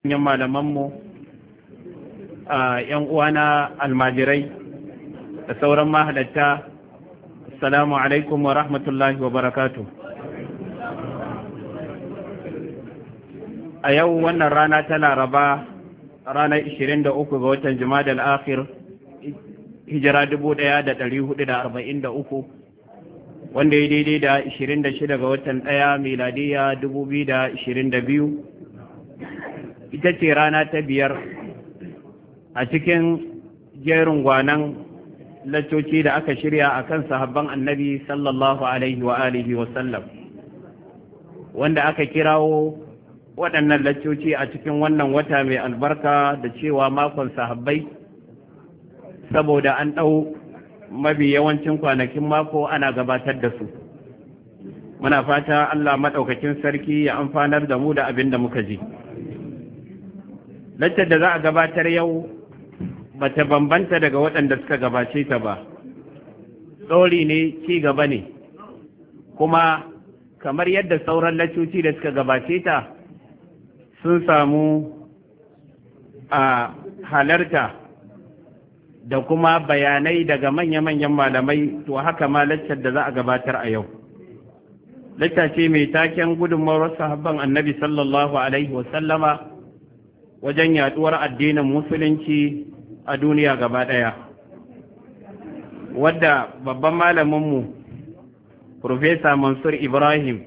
yan malamanmu a yan uwana almajirai da sauran mahalatta assalamu alaikum wa rahmatullahi wa barakatu a yau wannan rana ta laraba ranar 23 ga watan jima'a akhir hijira 1443 wanda ya daidai da 26 ga watan daya miladiya 2022 ita ce rana ta biyar a cikin jerin gwanan laccoci da aka shirya a kan sahabban annabi sallallahu alaihi wa alihi wasallam wanda aka kirawo waɗannan laccoci a cikin wannan wata mai albarka da cewa makon sahabbai saboda an ɗau mabi yawancin kwanakin mako ana gabatar da su muna fata allah maɗaukakin sarki ya amfanar da mu da abin da muka ji laccar da za a gabatar yau ba ta bambanta daga waɗanda suka gabace ta ba tsori ne ci gaba ne kuma kamar yadda sauran laccoci da suka gabace ta sun samu a halarta da kuma bayanai daga manya-manyan malamai to haka ma laccar da za a gabatar a yau lacca ce mai taken gudunmawar sahabban annabi sallallahu alaihi wasallama wajen yaduwar addinin musulunci a duniya gaba ɗaya wadda babban malaminmu Profesa Mansur Ibrahim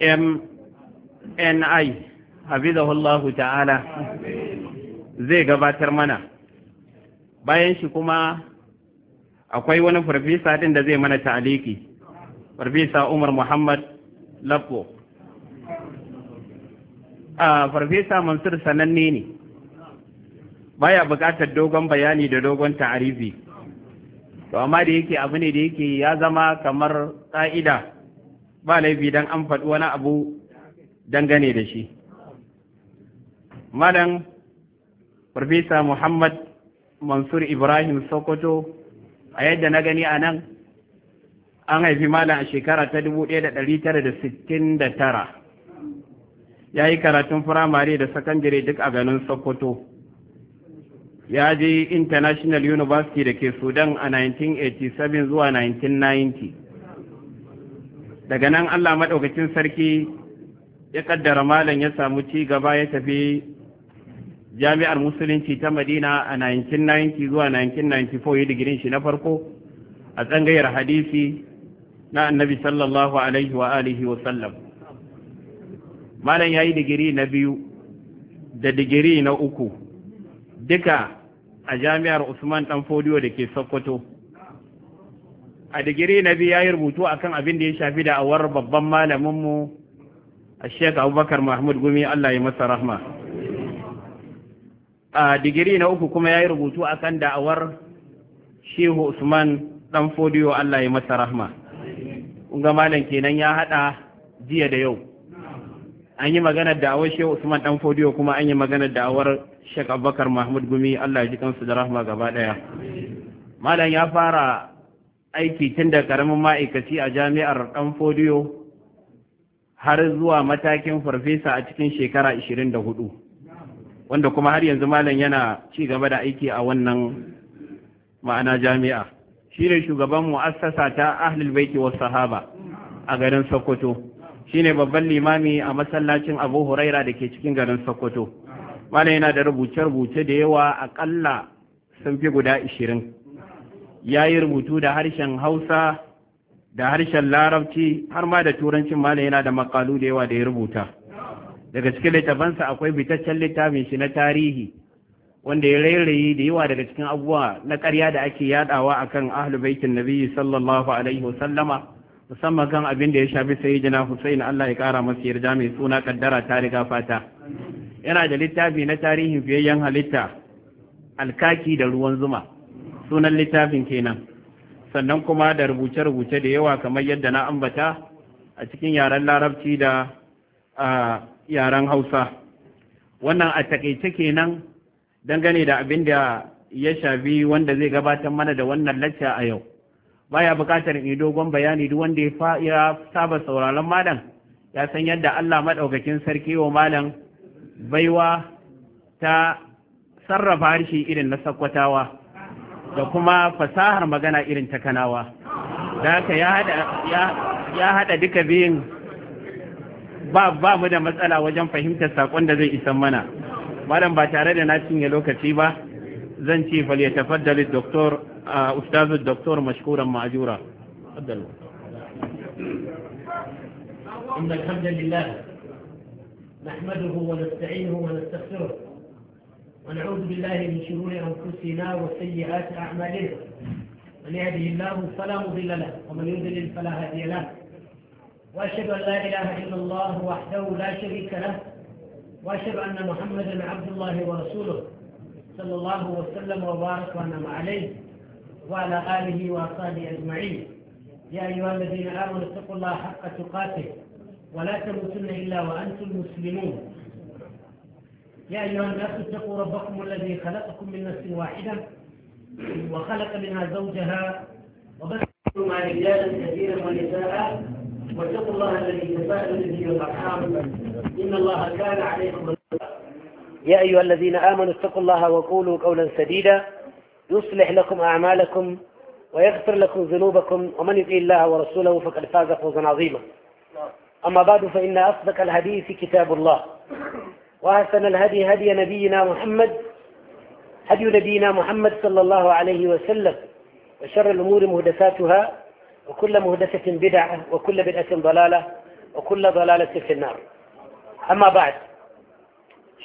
MNI Habizahullahu ta'ala zai gabatar mana bayan shi kuma akwai wani farfesa din da zai mana ta'aliki farfesa Umar Muhammad Lafo a farfesa mansur sananne ne baya buƙatar dogon bayani da dogon ta'arifi to amma da yake abu ne da yake ya zama kamar ƙa'ida ba laifi dan an faɗi wani abu dangane da shi malam farfesa muhammad mansur ibrahim sokoto a yadda na gani a nan an haifi malam a shekara ta da da da sittin tara. ya yi karatun firamare da sakandare duk a ganin sokoto ya je international university da ke sudan a 1987 zuwa 1990 daga nan allah maɗaukacin sarki ya ƙaddara malam ya samu ci gaba ya tafi jami'ar musulunci ta madina a 1990 zuwa 1994 yi digirin shi na farko a tsangayar hadisi na annabi sallallahu alaihi wa alihi wa sallam malam ya yi digiri na biyu da digiri na uku duka a jami'ar usman dan fodiyo da ke sokoto a digiri na biyu ya yi rubutu akan abin da ya shafi da awar babban malaminmu a sheik abubakar mahmud gumi allah ya masa rahma a digiri na uku kuma ya yi rubutu akan da'awar shehu usman dan fodiyo allah ya masa rahma ga malam kenan ya haɗa jiya da yau an yi maganar awar shehu usman dan fodiyo kuma an yi maganar awar shek abubakar mahmud gumi allah ya ji kansu da rahma gaba daya malam ya fara aiki tun da karamin ma'aikaci a jami'ar dan fodiyo har zuwa matakin farfesa a cikin shekara 24 wanda kuma har yanzu malam yana ci gaba da aiki a wannan ma'ana jami'a shi ne shugaban mu'assasa ta ahlul baiti wasu sahaba a garin sokoto shine babban limami a masallacin abu huraira da ke cikin garin sokoto mana yana da rubuce-rubuce da yawa akalla sun fi guda ishirin ya yi rubutu da harshen hausa da harshen larabci har ma da turancin mana yana da makalu da yawa da ya rubuta daga cikin littafansa akwai bitaccen littafin shi na tarihi wanda ya rairaye da yawa daga cikin abubuwa na karya da ake yadawa akan ahlul baitin nabiyyi sallallahu alaihi wasallama musamman kan abin da ya shafi sai jina Hussein Allah ya kara masa yarda mai suna kaddara ta riga fata yana da littafi na tarihin fiyayyen halitta alkaki da ruwan zuma sunan littafin kenan sannan kuma da rubuce-rubuce da yawa kamar yadda na ambata a cikin yaren larabci da yaren hausa wannan a takaice kenan dangane da abin da ya shafi wanda zai gabatar mana da wannan lacca a yau baya buƙatar mai dogon bayani duk wanda ya saba sauraron malam ya san yadda Allah maɗaukakin sarki wa malam baiwa ta sarrafa harshe irin na sakkwatawa da kuma fasahar magana irin ta kanawa da haka ya haɗa duka biyun ba ba mu da matsala wajen fahimtar sakon da zai isa mana malam ba tare da na cinye lokaci ba zan ce falyatafaddalin doktor آه، أستاذ الدكتور مشكورا معجورا تفضل إن الحمد لله نحمده ونستعينه ونستغفره ونعوذ بالله من شرور أنفسنا وسيئات أعمالنا من يهده الله فلا مضل له ومن يضلل فلا هادي له وأشهد أن لا إله إلا الله وحده لا شريك له وأشهد أن محمدا عبد الله ورسوله صلى الله وسلم وبارك وأنعم عليه وعلى آله وأصحابه أجمعين يا أيها الذين آمنوا اتقوا الله حق تقاته ولا تموتن إلا وأنتم مسلمون يا أيها الناس اتقوا ربكم الذي خلقكم من نفس واحدة وخلق منها زوجها وبث منهما رجالا كثيرا ونساء واتقوا الله الذي تساءل به والأرحام إن الله كان عليكم يا أيها الذين آمنوا اتقوا الله وقولوا قولا سديدا يصلح لكم أعمالكم ويغفر لكم ذنوبكم ومن يطيع الله ورسوله فقد فاز فوزا عظيما أما بعد فإن أصدق الحديث كتاب الله وأحسن الهدي هدي نبينا محمد هدي نبينا محمد صلى الله عليه وسلم وشر الأمور مهدساتها وكل مهدسة بدعة وكل بدعة ضلالة وكل ضلالة في النار أما بعد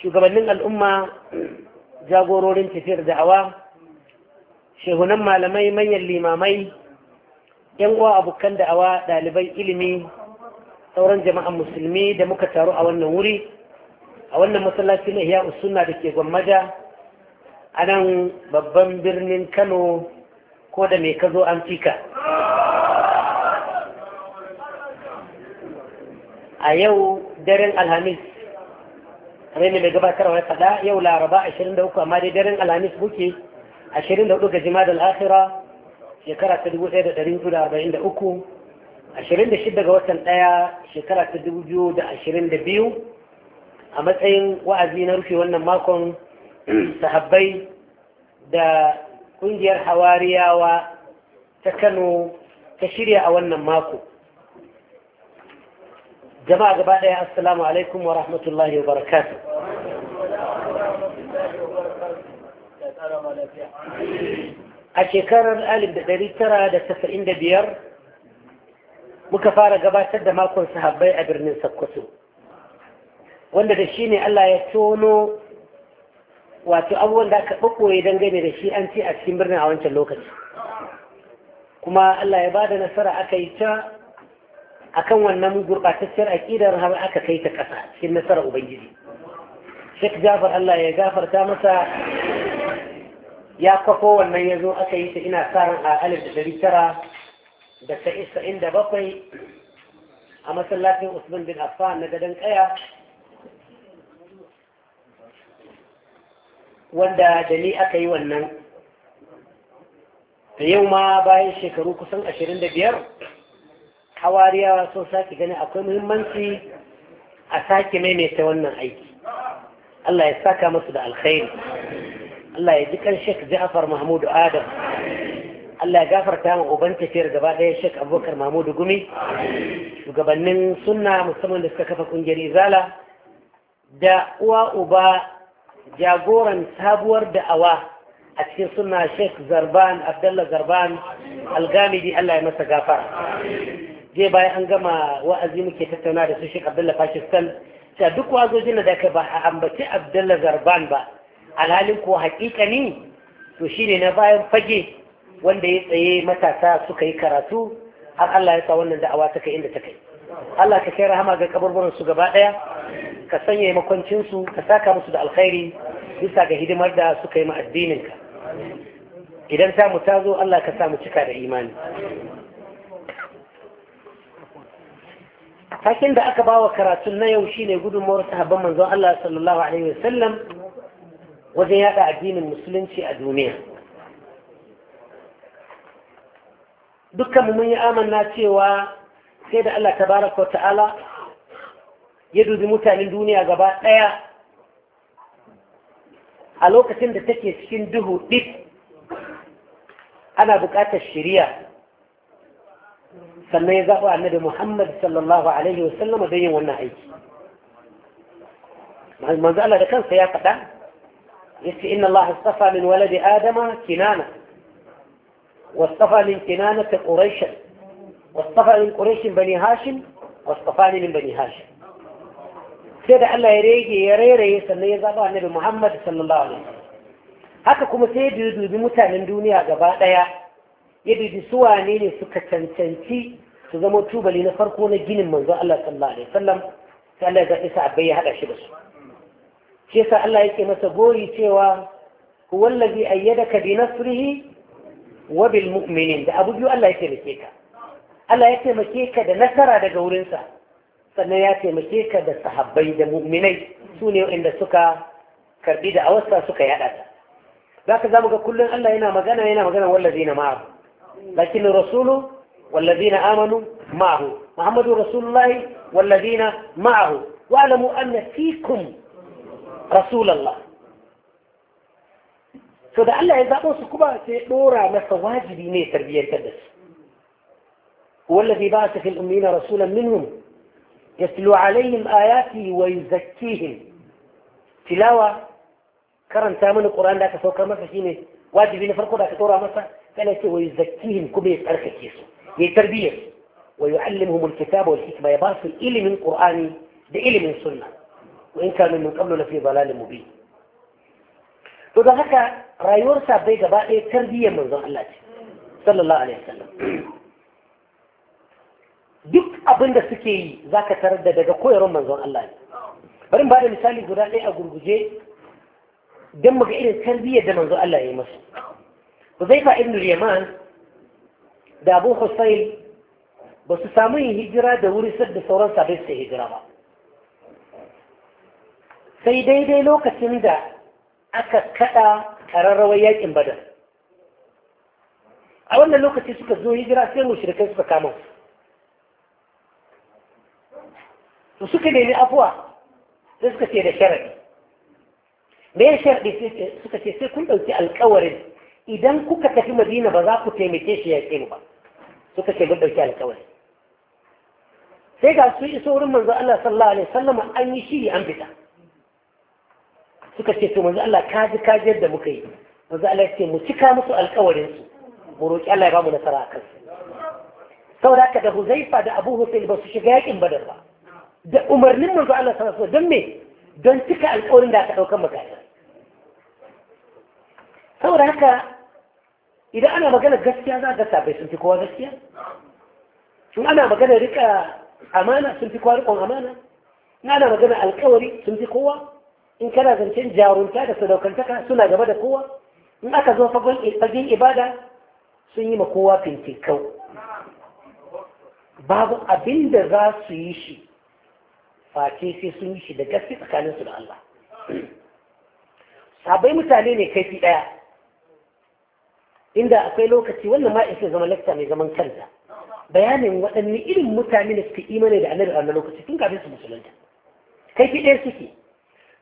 شو قبل من الأمة جابوا رولين كثير دعوة shehunan malamai manyan limamai yan uwa abokan da'awa ɗaliban ilimi sauran jama'an musulmi da muka taru a wannan wuri a wannan masallaci na iya suna da ke Gwammaja, a nan babban birnin kano ko da mai kazo an fika a yau daren alhamis ne mai gabatarwa ya faɗa yau laraba 23 amma dai daren alhamis muke ashirin da hudu ga da akhira shekara ta dubu ɗaya da ɗari hudu da arba'in da uku ashirin da shida ga watan ɗaya shekara ta dubu biyu da ashirin da biyu a matsayin wa'azi na rufe wannan makon sahabbai da ƙungiyar hawariyawa ta kano ta shirya a wannan mako jama'a gaba ɗaya assalamu alaikum wa rahmatullahi wa barakatuh A shekarar alif da tara da a da biyar, muka fara gabatar da makon sahabbai a birnin sakkwato wanda da shi ne Allah ya tono wato abubuwan da aka ɓaɓɓoye dangane da shi an ce a cikin birnin a wancan lokaci kuma Allah ya ba da nasara aka yi ta a kan wannan gurɓatacciyar aƙidar har aka kai ta ƙasa cikin nasarar Ubangiji. shek Jafar Allah ya gafarta masa ya kafo wannan ya zo aka yi ta ina sa ran a alif da dari tara da isa inda bakwai a masallacin usman bin affan na gadon kaya wanda da ni aka yi wannan da yau ma bayan shekaru kusan ashirin da biyar hawariyawa sun sake gani akwai muhimmanci a sake maimaita wannan aiki Allah ya saka masu da alkhairi Allah ya ji kan Sheikh Ja'far Mahmud Adam Allah ya gafarta mu uban tafiyar gaba ɗaya Sheikh Abubakar Mahmud Gumi shugabannin sunna musamman da suka kafa kungiyar Izala da uwa uba jagoran sabuwar da'awa a cikin sunna Sheikh Zarban Abdullah Zarban Algamidi Allah ya masa gafara je bayan an gama wa'azi muke tattauna da su Sheikh Abdullah Pakistan ta duk wazojin da ka ba a ambaci Abdullah Zarban ba alhalin ko haƙiƙa ne to shi ne na bayan fage wanda ya tsaye matasa suka yi karatu har Allah ya sa wannan da'awa ta kai inda ta kai Allah ka kai rahama ga kaburburan su gaba daya ka sanya makwancin su ka saka musu da alkhairi bisa ga hidimar da suka yi ma addinin ka idan ta mu ta zo Allah ka sa mu cika da imani Hakin da aka bawa karatun na yau shine gudunmawar sahabban manzon Allah sallallahu alaihi wasallam wajen yada addinin musulunci a duniya dukkan mun yi amanna cewa sai da Allah tabaraka ta'ala ya dubi mutanen duniya gaba ɗaya a lokacin da take cikin duhu ɗin ana buƙatar shiriya sannan ya zaɓa annabi Muhammad sallallahu alaihi wasallam don yin wannan aiki manzo Allah da kansa ya faɗa يكفي إن الله اصطفى من ولد آدم كنانة واصطفى من كنانة قريشا واصطفى من قريش بني هاشم واصطفاني من بني هاشم sai da Allah ya rege ya rairaye sannan ya zaba annabi Muhammad sallallahu alaihi wasallam haka kuma sai ya dubi mutanen duniya gaba daya ya dubi su wane ne suka cancanci su zama tubali na farko na ginin manzo Allah sallallahu alaihi wasallam sai Allah ya ga isa abai ya hada shi da su shi yasa Allah yake masa gori cewa huwa allazi ayyadaka bi nasrihi wa bil mu'minin da abu biyu Allah ya taimake ka Allah ya taimake ka da nasara daga wurinsa sannan ya taimake ka da sahabbai da mu'minai su ne inda suka karbi da awasta suka yaɗa ta za ka zamu ga kullum Allah yana magana yana magana wallazina ma'ahu lakin rasulu wallazina amanu ma'ahu muhammadu rasulullahi na ma'ahu wa'lamu anna fikum رسول الله فده الله إذا بوس كبا تدورا مفواجب ني تربية تدس هو الذي بعث في الأمين رسولا منهم يتلو عليهم آياته ويزكيهم تلاوة كرن تامن القرآن ذاك فوق مسا شيني واجب ني فرقو ذاك تدورا مسا فلا شيء ويزكيهم كبير يتعرف كيسو يتربية ويعلمهم الكتاب والحكمة يباصل إلي من قرآني بإلي من سنة وإن kanu من قبل لفي ضلال مبين to da haka rayuwar sabai gaba ɗaya tarbiyyar manzon Allah ce sallallahu alaihi wasallam duk abin da suke yi ka tarar da daga koyarwar manzon Allah ne bari ba da misali guda ɗaya a gurguje don muga irin tarbiyyar da manzon Allah ya yi masu Huzaifa ibn Yaman da Abu Husayl ba su samu yin hijira da wuri sadda sauran sabai su hijira ba sai daidai lokacin da aka kada kararrawar yakin badar a wannan lokaci suka zo jira sai mushrikai suka kama su suka nemi afuwa sai suka ce da sharadi me ya sharadi suka ce sai kun ɗauki alkawarin idan kuka tafi madina ba za ku taimake shi yaƙin ba suka ce mun ɗauki alkawarin sai ga su iso wurin manzo Allah sallallahu alaihi wasallam an yi shiri an fita suka ce to manzo Allah ka ji ka ji yadda muka yi manzo Allah ya ce mu cika musu alƙawarin su mu roki Allah ya ba mu nasara akan su saboda haka da Huzaifa da Abu Hussein ba su shiga yakin Badar ba da umarnin manzo Allah sallallahu alaihi don me don cika alƙawarin da aka dauka maka saboda haka idan ana magana gaskiya za ga sabai sun fi kowa gaskiya in ana magana rika amana sun fi kowa rikon amana in ana magana alkawari sun fi kowa in kana zancen jarunta da sadaukantaka suna gaba da kowa in aka zo fagen ibada sun yi ma kowa fintikau babu abin da za su yi shi face sai sun yi shi da gaske tsakaninsu da Allah sabai mutane ne kaifi ɗaya inda akwai lokaci wannan ma isa zama lakta mai zaman kanta bayanin waɗanne irin mutane da suka imani da annabi a wannan lokaci tun kafin su musulunta kaifi ɗaya suke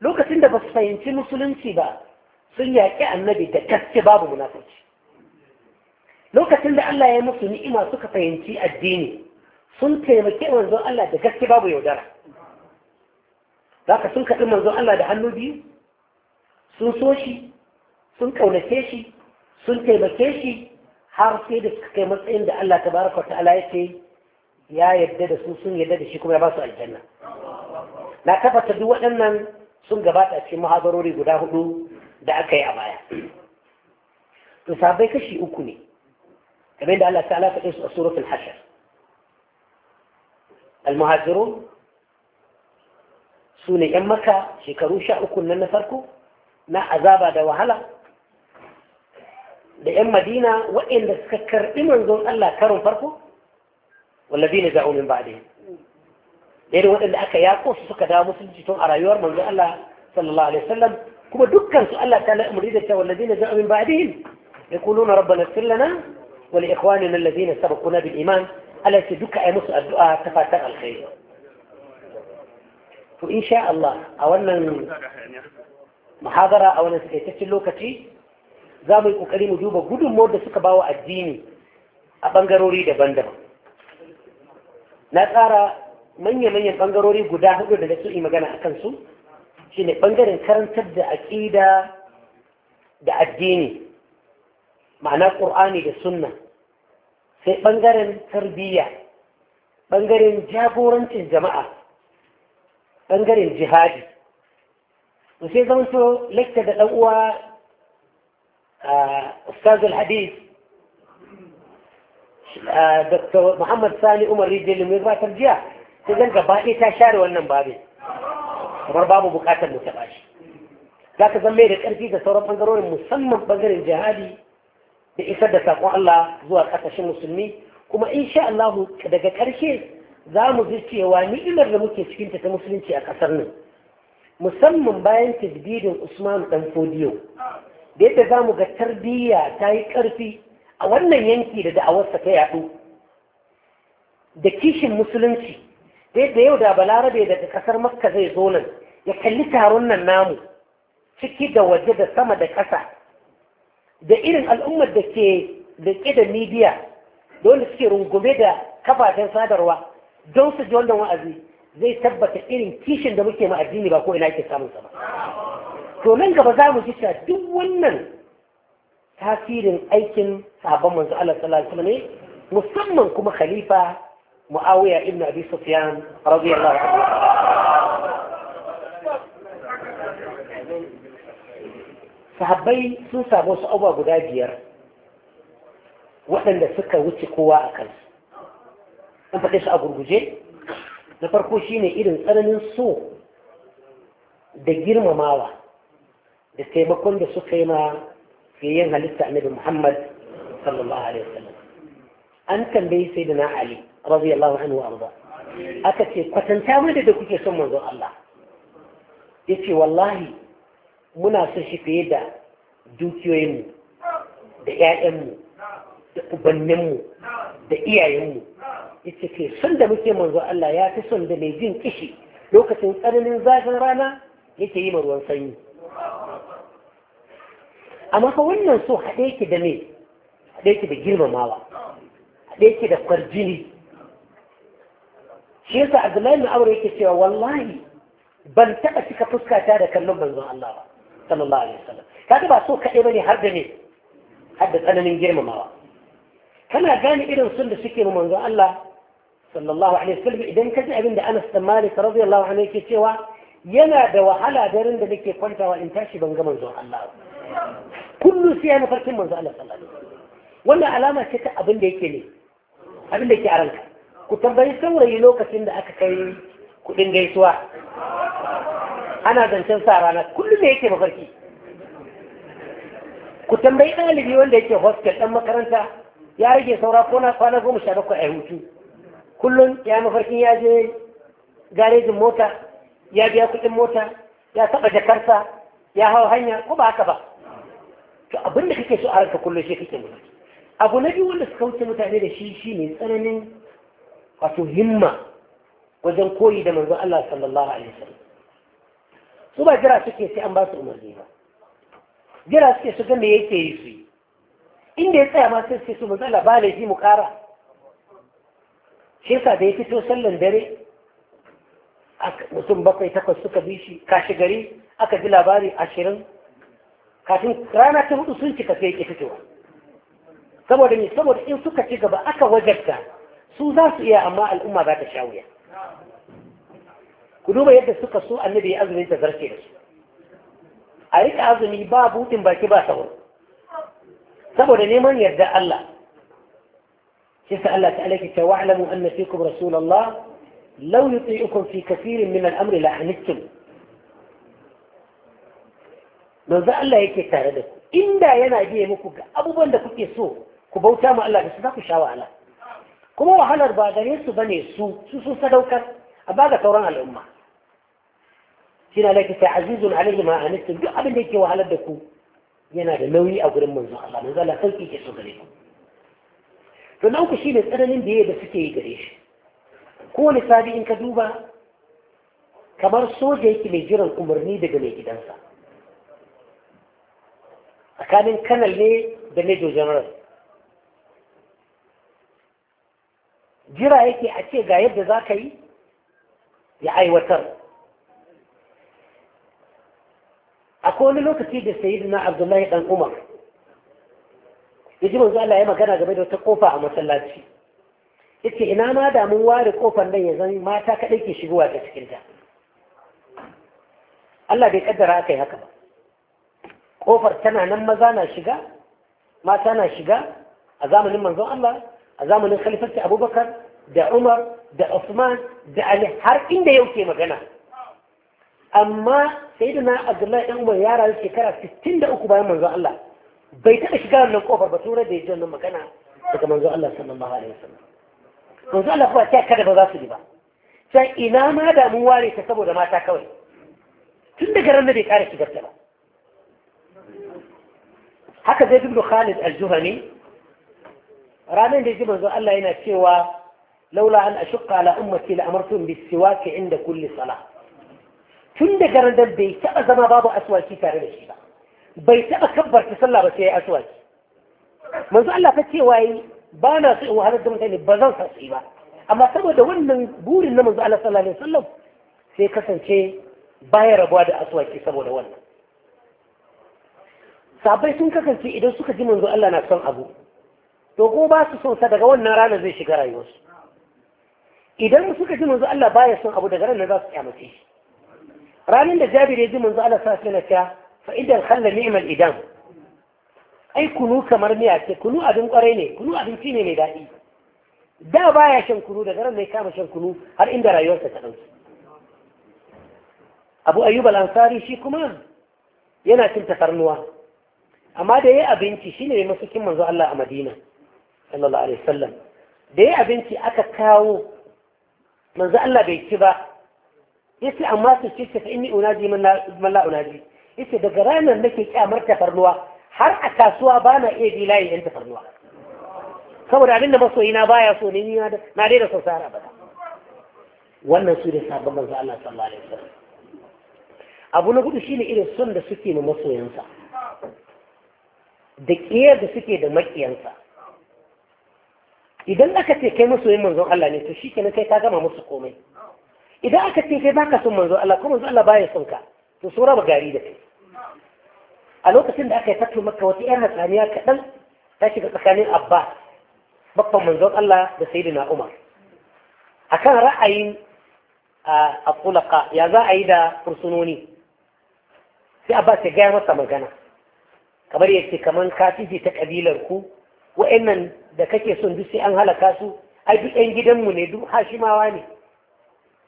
lokacin da ba su fahimci musulunci ba sun yaƙi annabi da gaske babu munafurci. lokacin da Allah ya musu ni'ima suka fahimci addini sun taimake manzon Allah da gaske babu yaudara Za ka sun kaɗi manzon Allah da hannu biyu sun so shi sun ƙaunace shi sun taimake shi har sai da suka kai matsayin da Allah ta baraka ta'ala ya yake ya yarda da su sun yarda da shi kuma ya ba su aljanna na tabbata duk waɗannan sun gabata a cikin muhabarori guda hudu da aka yi a baya to sabai kashi uku ne kamar yadda Allah ta'ala faɗin su a suratul hashar al-muhajirun su ne yan maka shekaru sha uku nan na farko na azaba da wahala da yan madina waɗanda suka karɓi manzon Allah karon farko wallazi ne za'o min ba'dihim daidai waɗanda aka yako su suka dawo musulunci tun a rayuwar manzon Allah sallallahu alaihi wasallam kuma dukkan su Allah ta al'amari da cewa alladhina ja'u min ba'dihim yaquluna rabbana ighfir lana wa li ikhwanina alladhina sabaquna bil iman Allah ce duka ai musu addu'a ta fatan alkhairi to insha Allah a wannan muhadara a wannan takaitaccen lokaci za mu yi kokari mu duba gudunmawar da suka bawa addini a bangarori daban-daban na tsara manya-manyan ɓangarori guda hudu da nake yi magana a kansu shine bangaren karantar da aƙida da addini ma'ana ƙur'ani da sunna sai bangaren tarbiyya ɓangaren jagorancin jama'a bangaren jihadi sai zanto lakca da ɗan uwa ustazul hadith dr muhammad sani umar rijiyar limin ba jiya zan gaba ɗaya ta share wannan babin kamar babu bukatar mu taɓa shi za ka zan mai da ƙarfi da sauran ɓangarorin musamman ɓangaren jihadi da isar da saƙon Allah zuwa ƙasashen musulmi kuma insha Allah daga ƙarshe za mu ji cewa ni'imar da muke cikin ta musulunci a ƙasar nan musamman bayan tasbirin Usman dan Fodiyo da yadda za mu ga tarbiyya ta yi ƙarfi a wannan yanki da da'awarsa ta yaɗu da kishin musulunci da yau da balarabe daga kasar makka zai zo nan ya kalli taron nan namu ciki da waje da sama da ƙasa da irin al'ummar da ke da da midiya da wanda suke rungume da kafafen sadarwa don su ji wannan wa'azi zai tabbata irin kishin da muke ma addini ba ko ina ke samun sa to nan gaba za mu ji duk wannan tasirin aikin sabon manzo Allah sallallahu alaihi wasallam ne musamman kuma khalifa معاوية ابن أبي سفيان رضي الله عنه صحابي سوسا بوس أبا بدابير وحنا نفكر وشي قوة أكل أنت قيس أبو الوجين نفركوشين إذن أنا ننصو دقير مماوة لكي ما كن بسوكيما في ينها لسه محمد صلى الله عليه وسلم أنت بي سيدنا علي radiyallahu anhu arda aka ce kwatanta mana da kuke son manzon Allah yace wallahi muna son shi fiye da dukiyoyinmu da 'ya'yanmu, da mu da iyayenmu yace ke son da muke manzon Allah ya fi son da mai jin kishi lokacin tsananin zafin rana yake yi ruwan sanyi amma fa wannan so haɗe yake da me haɗe yake da girmamawa haɗe yake da kwarjini shi yasa Abdullahi bin Amr yake cewa wallahi ban taba cika fuskata da kallon manzon Allah ba sallallahu alaihi wasallam kaga ba so kaɗai bane har da ne har da tsananin girmamawa kana gane irin sun da suke mu manzon Allah sallallahu alaihi wasallam idan ka ji abin da Anas bin Malik radiyallahu anhu yake cewa yana da wahala daren da nake kwantawa in tashi ban ga manzon Allah kullu sai na farkin manzon Allah sallallahu alaihi wasallam wannan alama ce ta abin da yake ne abin da yake a ranka ku tambayi saurayi lokacin da aka kai kudin gaisuwa ana zancen sa rana kullum ne yake mafarki ku tambayi ɗalibi wanda yake hostel ɗan makaranta ya rage saura ko na kwana goma sha bakwai a hutu kullum ya mafarkin ya je garejin mota ya biya kuɗin mota ya taɓa jakarsa ya hau hanya ko ba haka ba to abin da kake so a ranka kullum shi kake mutu abu na biyu wanda suka wuce mutane da shi shi ne tsananin wato himma wajen koyi da manzo Allah sallallahu alaihi wasallam su ba jira suke sai an ba su umarni ba jira suke su ga me yake yi su yi inda ya tsaya ma sai su manzo Allah ba laifi mu kara shi yasa da ya fito sallan dare mutum bakwai takwas suka bi shi kashi gari aka ji labari ashirin kafin rana ta hudu sun cika sai ya fitowa saboda ni saboda in suka ci gaba aka wajarta su za su iya amma al'umma za ta sha wuya ku duba yadda suka so annabi ya azumin ta zarce da su a riƙa azumi ba butin baki ba sauro saboda neman yarda Allah shi sa Allah ta alaƙi ta wa'alamu anna fikum rasulullah law yuti'ukum fi kathirin min al-amri la anittum manzo Allah yake tare da ku inda yana biye muku ga abubuwan da kuke so ku bauta ma Allah da su za ku sha wahala kuma wahalar ba gare su bane su su sun sadaukar ba ga sauran al'umma shi na laifin sai azizun alaihi ma duk abin da yake wahalar da ku yana da nauyi a gurin manzo Allah manzo Allah sauki ke so gare ku to na uku shine tsananin da da suke yi gare shi Ko kowane sabi in ka duba kamar soja yake mai jiran umarni daga mai gidansa tsakanin kanal ne da major general jira yake a ce ga yadda za ka yi ya aiwatar akwai wani lokaci da sayi na abdullahi dan umar ya ji manzo Allah ya magana game da wata kofa a masallaci yace ina ma da mun ware kofar nan ya zan mata kaɗai ke shigowa ta cikin ta Allah bai kaddara aka yi haka ba kofar tana nan maza na shiga mata na shiga a zamanin manzon Allah a zamanin khalifarci abubakar da umar da usman da ali har inda yau ke magana amma sai da na abdullahi ɗan umar ya rayu shekara 63 bayan manzo Allah bai taɓa shiga wannan kofar ba tura da ya ji wannan magana daga manzo Allah sallallahu alaihi wasallam manzo Allah kuma ta kada ba za su yi ba sai ina ma da mu ware ta saboda mata kawai tun daga ran da bai kare shigar ta ba haka zai bin Khalid al-Juhani ranar da ji manzon Allah yana cewa laula an ashqa ala ummati la amartum bis siwaki inda kulli salah tun daga ranar bai taba zama babu aswaki tare da shi ba bai taba kabbarta sallah ba sai ya aswaki manzo Allah ta ce wayi ba na so in wahalar da mutane ba zan san ba amma saboda wannan burin na manzo Allah sallallahu alaihi wasallam sai kasance baya rabuwa da aswaki saboda wannan sabai sun kasance idan suka ji manzo Allah na son abu to ko ba su son sa daga wannan ranar zai shiga rayuwarsu idan suka ji manzo Allah baya son abu daga ranar za su kyamace shi ranar da Jabir ya ji manzo Allah sa sai na ta fa idan khalla ni'mal idan ai kunu kamar miya ce kunu abin kwarai ne kunu abinci ne mai daɗi da baya shan kunu daga ranar mai kama shan kunu har inda rayuwarsa ta ɗauki abu ayyub al-ansari shi kuma yana cin tafarnuwa amma da yayi abinci shine mai masukin manzo Allah a Madina sallallahu alaihi wasallam da ya abinci aka kawo manzo Allah bai ci ba yace amma su ce ka inni unaji man la unaji yace daga ranar nake kyamar tafarnuwa har a kasuwa ba na iya bi layi yan tafarnuwa saboda abin da masoyina baya so ne na daina son ba wannan su da sabon manzo Allah sallallahu alaihi wasallam abu na gudu shine irin son da suke na masoyansa da kiyar da suke da makiyansa idan aka ce kai masoyin manzon Allah ne to shi kenan kai ka gama musu komai idan aka ce kai baka son manzon Allah ko manzon Allah baya son ka to sun raba gari da kai a lokacin da aka yi fatu maka wata yar hatsaniya kaɗan ta shiga tsakanin Abba babban manzon Allah da Sayyidina Umar akan ra'ayin a kulaka ya za a yi da fursunoni sai Abbas ya gaya masa magana kamar yake kamar ka ta kabilar ku wa'annan da kake son duk sai an halaka su ai duk yan gidanmu ne duk hashimawa ne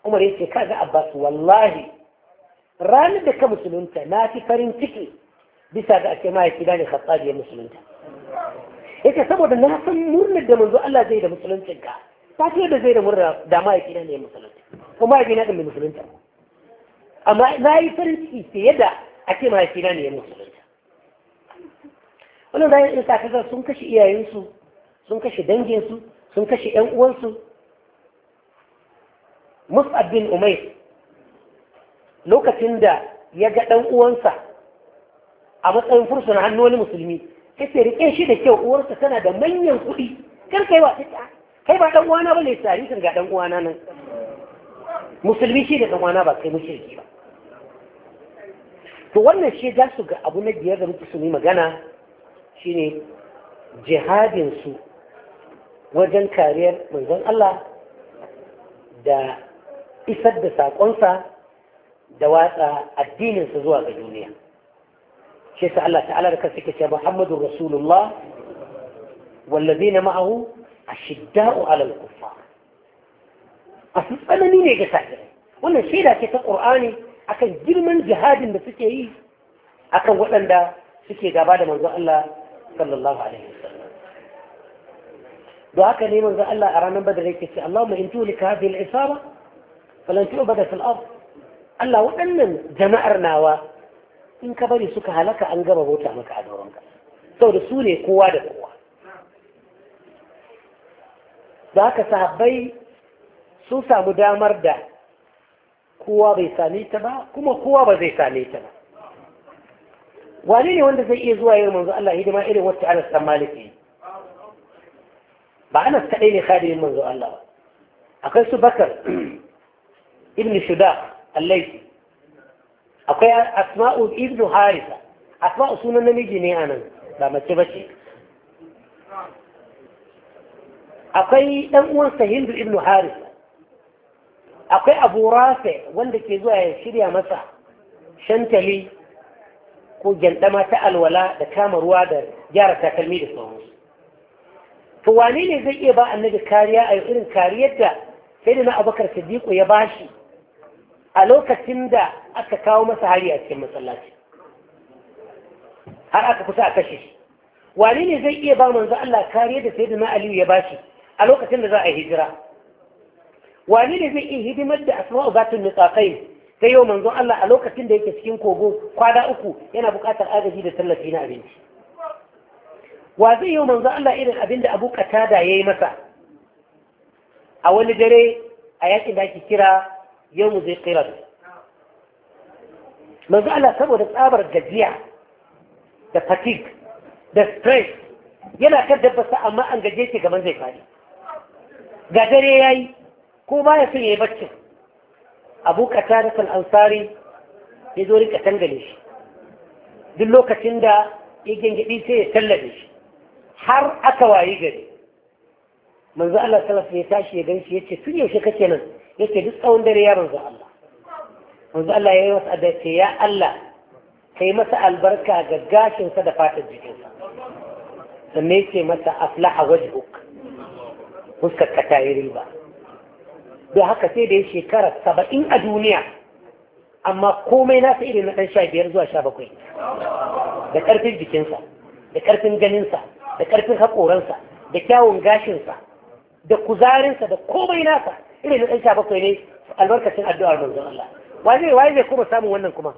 umar yace kaga abbas wallahi ranar da ka musulunta na fi farin ciki bisa ga ake ma ya ne khattabi ya musulunta yace saboda na san murnar da manzo Allah zai da musuluncinka ta ce da zai da murna da ma ya kina ne musulunta kuma ya kina da musulunta amma na yi farin ciki fiye da ake ma ya kina ne musulunta wani bayan ɗin kakasar sun kashe iyayensu sun kashe danginsu sun kashe ‘yan uwansu mus'ab bin umay lokacin da ya ga ɗan uwansa a matsayin fursuna hannu wani musulmi sai sai riƙe shi da kyau uwarsa tana da manyan kuɗi kar kai wa kai ba ɗan uwana ba ne tsari kan ga ɗan uwana nan musulmi shi da ɗan uwana ba kai mushriki ba to wannan shi ya su ga abu na biyar da muke su magana shine jihadinsu wajen kariyar manzon Allah da isar da saƙonsa da watsa addininsa zuwa ga duniya shi sa Allah ta'ala da kansa ke ce Muhammadu Rasulullah wallazina ma'ahu ashidda'u 'alal kuffar asu tsanani ne ga sa'irai wannan shaida ce ta Qur'ani akan girman jihadin da suke yi akan waɗanda suke gaba da manzon Allah sallallahu alaihi wasallam don haka ne manzo Allah a ranar badar yake ce Allahumma in tulika hadhihi da isaba falan tu'bada fil ard Allah waɗannan jama'ar nawa in ka bari suka halaka an gaba bauta maka a doron ka saboda su ne kowa da kowa da haka sahabbai sun samu damar da kowa bai same ta ba kuma kowa ba zai same ta ba wani ne wanda zai iya zuwa yin manzo Allah hidima irin wacce Anas dan Maliki ba Anas kadai ne khadimin manzo Allah akwai su Bakar ibn Shuda al-Laythi akwai Asma'u ibn Harisa Asma'u sunan namiji ne anan ba mace ba ce. akwai dan uwansa Hindu ibn Harisa akwai Abu Rafi wanda ke zuwa ya shirya masa shantali ko gyandama ta alwala da kama ruwa da gyara takalmi da sauransu to wane ne zai iya ba annabi kariya a irin kariyar da sai da na abokar sadiku ya bashi a lokacin da aka kawo masa hari a cikin masallaci har aka kusa a kashe shi wane ne zai iya ba manzo Allah kariyar da sai da na aliyu ya bashi a lokacin da za a hijira wane ne zai iya hidimar da asma'u zatun nutsakai sai yau manzon Allah a lokacin da yake cikin kogo kwana uku yana buƙatar agaji da tallafi na abinci wa zai yau manzon Allah irin abin da Abu Qatada yayi masa a wani dare a yakin da ake kira mu zai qirad manzon Allah saboda tsabar gajiya da fatigue da stress yana kan dabbasa amma an gaje shi gaban zai fadi ga dare yayi ko ba ya son yayi baccin abu qatada al-ansari ya zo rika tangale shi duk lokacin da ya gengedi sai ya tallabe shi har aka wayi gari manzo Allah sallallahu ya tashi ya ganshi yace tun yaushe kake nan yace duk tsawon dare ya manzo Allah manzo Allah ya yi masa ce ya Allah kai masa albarka ga gashinsa da fatar jikinsa sannan yace masa aflaha wajhuk fuskar ka ta yi riba Da haka sai da ya shekara saba'in a duniya amma komai nasa irin na ɗan sha biyar zuwa sha bakwai da ƙarfin jikinsa da ƙarfin ganinsa da ƙarfin haƙoransa da kyawun gashinsa da kuzarinsa da komai nasa irin na ɗan sha bakwai ne albarkacin addu'ar manzon Allah waye waye zai kuma samun wannan kuma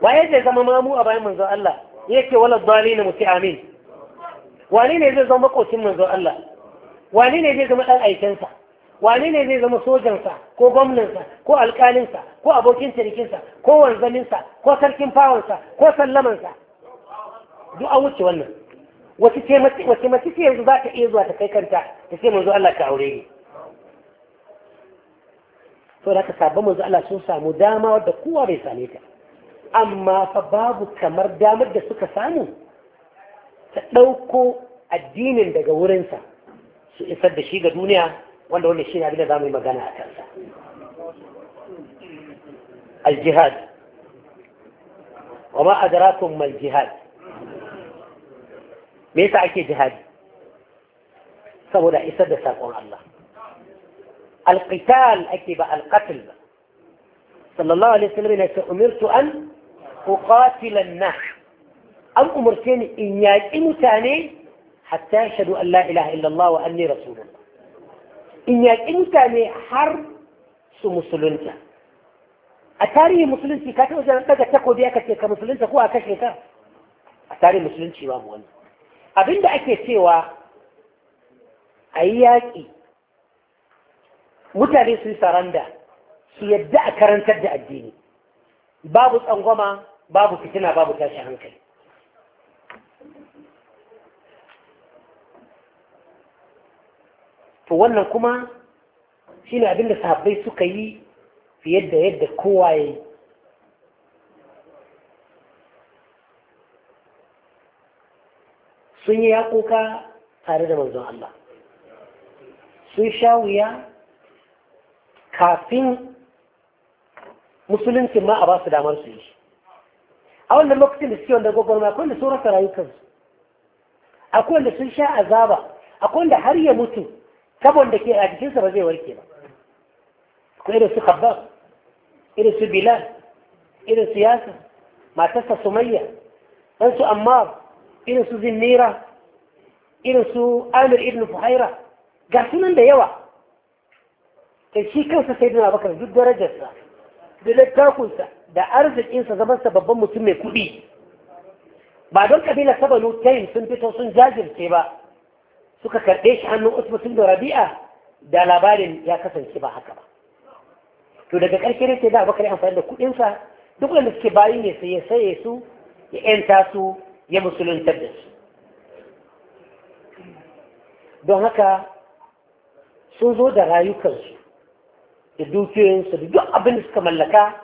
waye zai zama mamu a bayan manzon Allah yake wala dalilin muti amin wani ne zai zama makocin manzon Allah wani ne zai zama ɗan aikensa wane ne zai zama sojansa ko gwamnansa ko alƙalinsa ko abokin cinikinsa ko wanzaminsa ko sarkin fawonsa ko sallamansa duk an wuce wannan wace ce mace ce yanzu za ta iya zuwa ta kai kanta ta ce manzo Allah ta aure ni to da ka sabon manzo Allah sun samu dama wadda kowa bai same ta amma fa babu kamar damar da suka samu ta ɗauko addinin daga wurinsa su isar da shi ga duniya ولو نشينا بلا دامي abin da الجهاد وما أدراكم ما الجهاد ليس أكي جهاد لا إسد ساقون الله القتال أكيب القتل صلى الله عليه وسلم أمرت أن أقاتل الناس أم أمرتين إن يجئ تاني حتى يشهدوا أن لا إله إلا الله وأني رسول الله in yaƙi mutane har su musulunta a tarihin musulunci ka taɓa wajen daga takobi aka ce ka musulunta ko a kashe ka a tarihin musulunci babu wani abinda ake cewa a yi yaƙi mutane su yi saranda su yadda a karantar da addini babu tsangwama babu fitina babu tashi hankali to wannan kuma shi ne abinda sahabbai suka yi fiye da yadda kowa ya yi sun yi yaƙuka tare da manzon Allah sun sha wuya kafin musulunci ma a ba su damar su yi a wannan lokacin da suke wanda gwagwarma akwai da sun rasa rayukansu akwai da sun sha azaba akwai da har ya mutu kabon ke a jikinsa ba zai warke ba ko irin su khabbab irin su bilal irin su yasa matarsa sumayya ɗan su ammar irin su zinnira irin su amir ibn fuhaira ga sunan da yawa Da shi kansa sai dina bakar duk darajarsa da littafinsa da arzikinsa zamansa babban mutum mai kuɗi ba don kabilar sabanu yi sun fito sun jajirce ba suka karɓe shi hannun usman da rabi'a da labarin ya kasance ba haka ba to daga ƙarshe ne a da abakar amfani da kuɗinsa duk wanda suke bayi ne sai ya saye su ya yanta su ya musuluntar da su don haka sun zo da rayukansu da dukiyoyinsu da duk abin da suka mallaka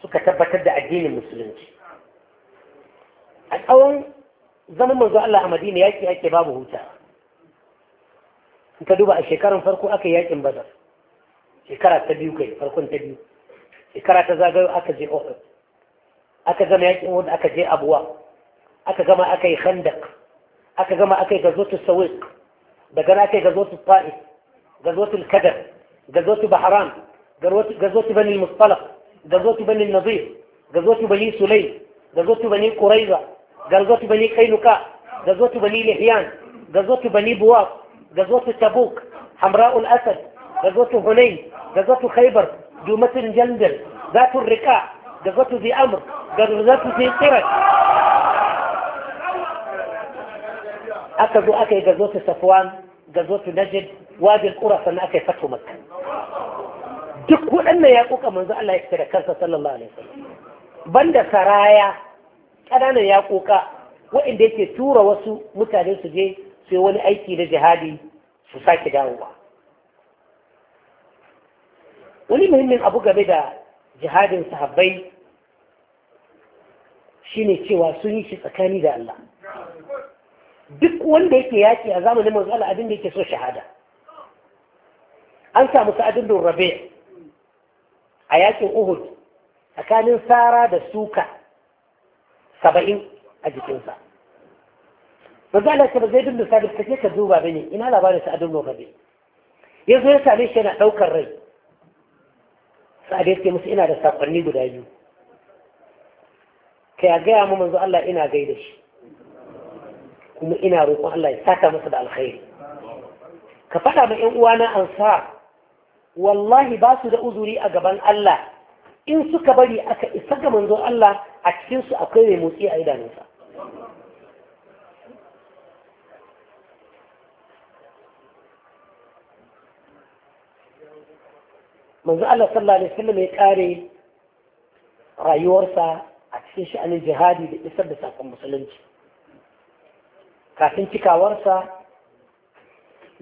suka tabbatar da addinin musulunci a tsawon zaman manzo Allah a Madina yaki ake babu huta in ka duba a shekarun farko aka yi yakin badar shekara ta biyu kai farkon ta biyu shekara ta zagayo aka je ofis aka gama yakin wanda aka je abuwa aka gama aka yi khandak aka gama aka yi gazotu sawiq daga na aka yi gazotu ta'if gazotu kadar gazotu bahram gazotu bani mustalaf gazotu bani nazir gazotu bani sulaim gazotu bani quraiza gazotu bani kainuka gazotu bani lihyan gazotu bani buwa. غزوة تبوك حمراء الأسد غزوة هنين غزوة خيبر دومة الجندل ذات الركاع غزوة ذي أمر غزوة ذي قرش أكدوا أكي غزوة صفوان غزوة نجد وادي القرى سنة أكي فتح مكة duk waɗannan ya kuka manzo Allah ya fita da kansa sallallahu alaihi wasallam banda saraya ƙananan ya kuka waɗanda yake tura wasu mutane su je sai wani aiki na jihadi su sake dawowa wani muhimmin abu game da jihadin sahabbai shine cewa sun yi shi tsakani da Allah duk wanda yake yaki a zamanin manzo Allah abin da yake so shahada an samu sa'adun bin rabe a yakin uhud tsakanin sara da suka saba'in a jikinsa manzo Allah ce ba zai dun sabit kace ka duba bane ina labarin sa adun lokaci yanzu ya same shi yana daukar rai sa'ad ke musu ina da sakonni guda biyu kai a gaya mu manzo Allah ina gaida shi kuma ina roƙon Allah ya saka masa da alkhairi ka faɗa ma ƴan uwana ansa wallahi ba su da uzuri a gaban Allah in suka bari aka isa ga manzo Allah a cikin su akwai mai motsi a idanunsa manzo Allah sallallahu alaihi wasallam ya kare rayuwarsa a cikin sha'anin jihadi da isar da sakon musulunci kafin cikawarsa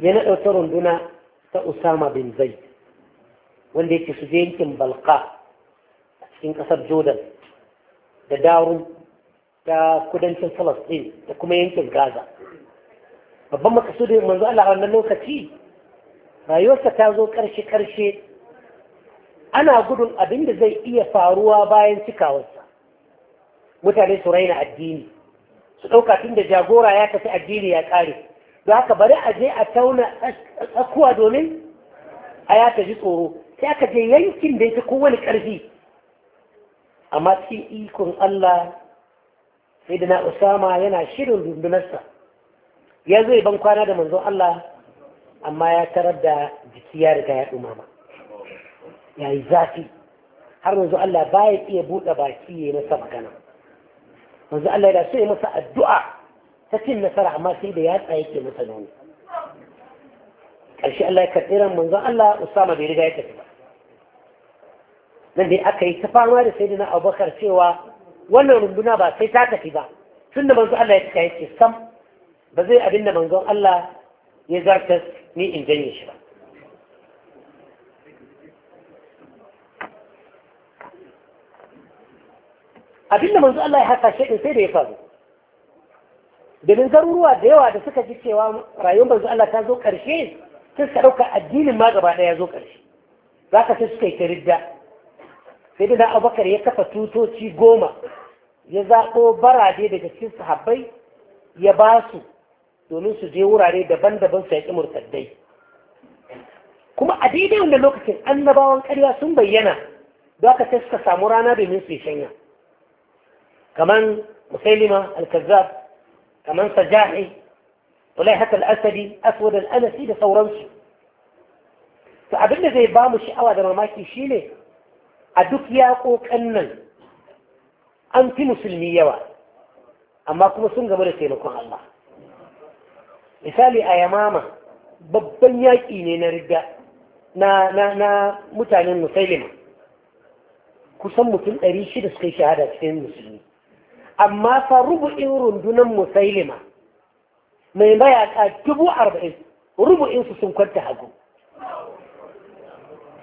ya na ɗauta runduna ta Usama bin Zaid wanda yake su je yankin Balka a cikin ƙasar Jordan da Daru ta kudancin Palestine da kuma yankin Gaza babban makasudin manzo Allah a wannan lokaci rayuwarsa ta zo ƙarshe-ƙarshe ana gudun abin da zai iya faruwa bayan cikawarsa mutane su raina addini su ɗauka tun da jagora ya tafi addini ya ƙare don haka bari a je a tauna tsakuwa domin a ya ta tsoro sai aka je yankin da ya kowane ƙarfi amma cikin ikon Allah sai da na Usama yana shirin rundunarsa ya zai ban kwana da manzon Allah amma ya tarar da jiki ya riga ya ɗumama ya yi zafi har yanzu Allah ba ya iya buɗe baki ya yi masa magana manzo Allah ya so ya masa addu'a ta cin nasara amma sai da yatsa yake masa nuni ƙarshe Allah ya karɓi ran Allah Usama bai riga ya tafi ba nan dai aka yi ta fama da na Abubakar cewa wannan runduna ba sai ta tafi ba tun da manzo Allah ya tafi ya ce sam ba zai abin da manzon Allah ya zartar ni in janye shi ba Abin abinda manzo Allah ya haka shi sai da ya faru domin garuruwa da yawa da suka ji cewa rayuwar manzo Allah ta zo karshe sai suka dauka addinin ma gaba daya zo karshe zaka sai suka yi ta sai da Abubakar ya kafa tutoci goma ya zaɓo barade daga cikin sahabbai ya ba su domin su je wurare daban-daban su yaƙi murtaddai kuma a daidai wanda lokacin annabawan ƙarya sun bayyana da aka sai suka samu rana domin su yi shanya كمان مسيلمة الكذاب كمان سجاحي wallahi haka al'asadi aswadar anasi da sauransu to abin da zai bamu sha'awa da mamaki shine a duk yaƙoƙan nan an fi musulmi yawa amma kuma sun gaba da taimakon Allah misali ayamama babban yaƙi ne na riga na, mutanen musulmi kusan mutum ɗari shida suka yi shahada cikin musulmi amma fa rubu'in rundunan musailima mai mayaka dubu arba'in rubu'in su sun kwanta hagu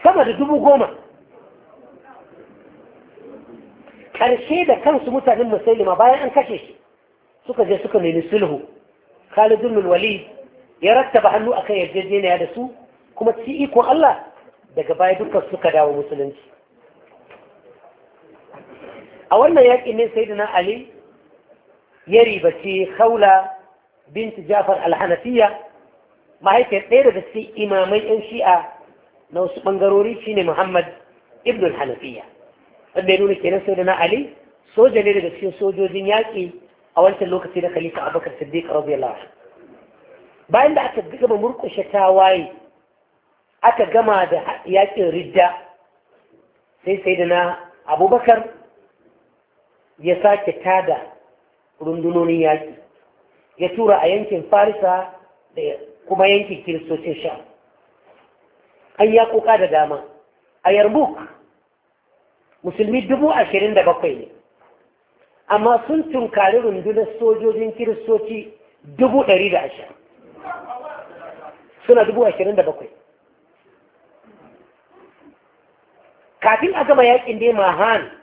sama da dubu goma ƙarshe da kansu mutanen musailima bayan an kashe shi suka je suka nemi sulhu khalidun Wali ya rattaba hannu akan yarjejeniya da su kuma ci ikon Allah daga baya dukkan suka dawo musulunci a wannan yaƙin ne sai ali ya ribace haula binti jafar alhanafiya mahaifiyar ɗaya daga cikin imamai yan shi'a na wasu ɓangarori shine muhammad ibn alhanafiya wanda ya nuna kenan sai ali soja ne daga cikin sojojin yaƙi a wancan lokaci da khalifa abubakar siddiq radiyallahu bayan da aka gama murƙushe tawaye aka gama da yaƙin ridda sai sai abubakar ya sake tada rundunonin yaƙi ya tura a yankin farisa da kuma yankin kiristocin sha an ya kuka da dama a yarmouk musulmi dubu ashirin da bakwai ne amma sun tunkari rundunar sojojin kiristoci dubu ɗari da ashirin suna dubu ashirin da bakwai kafin a gama yakin dai mahan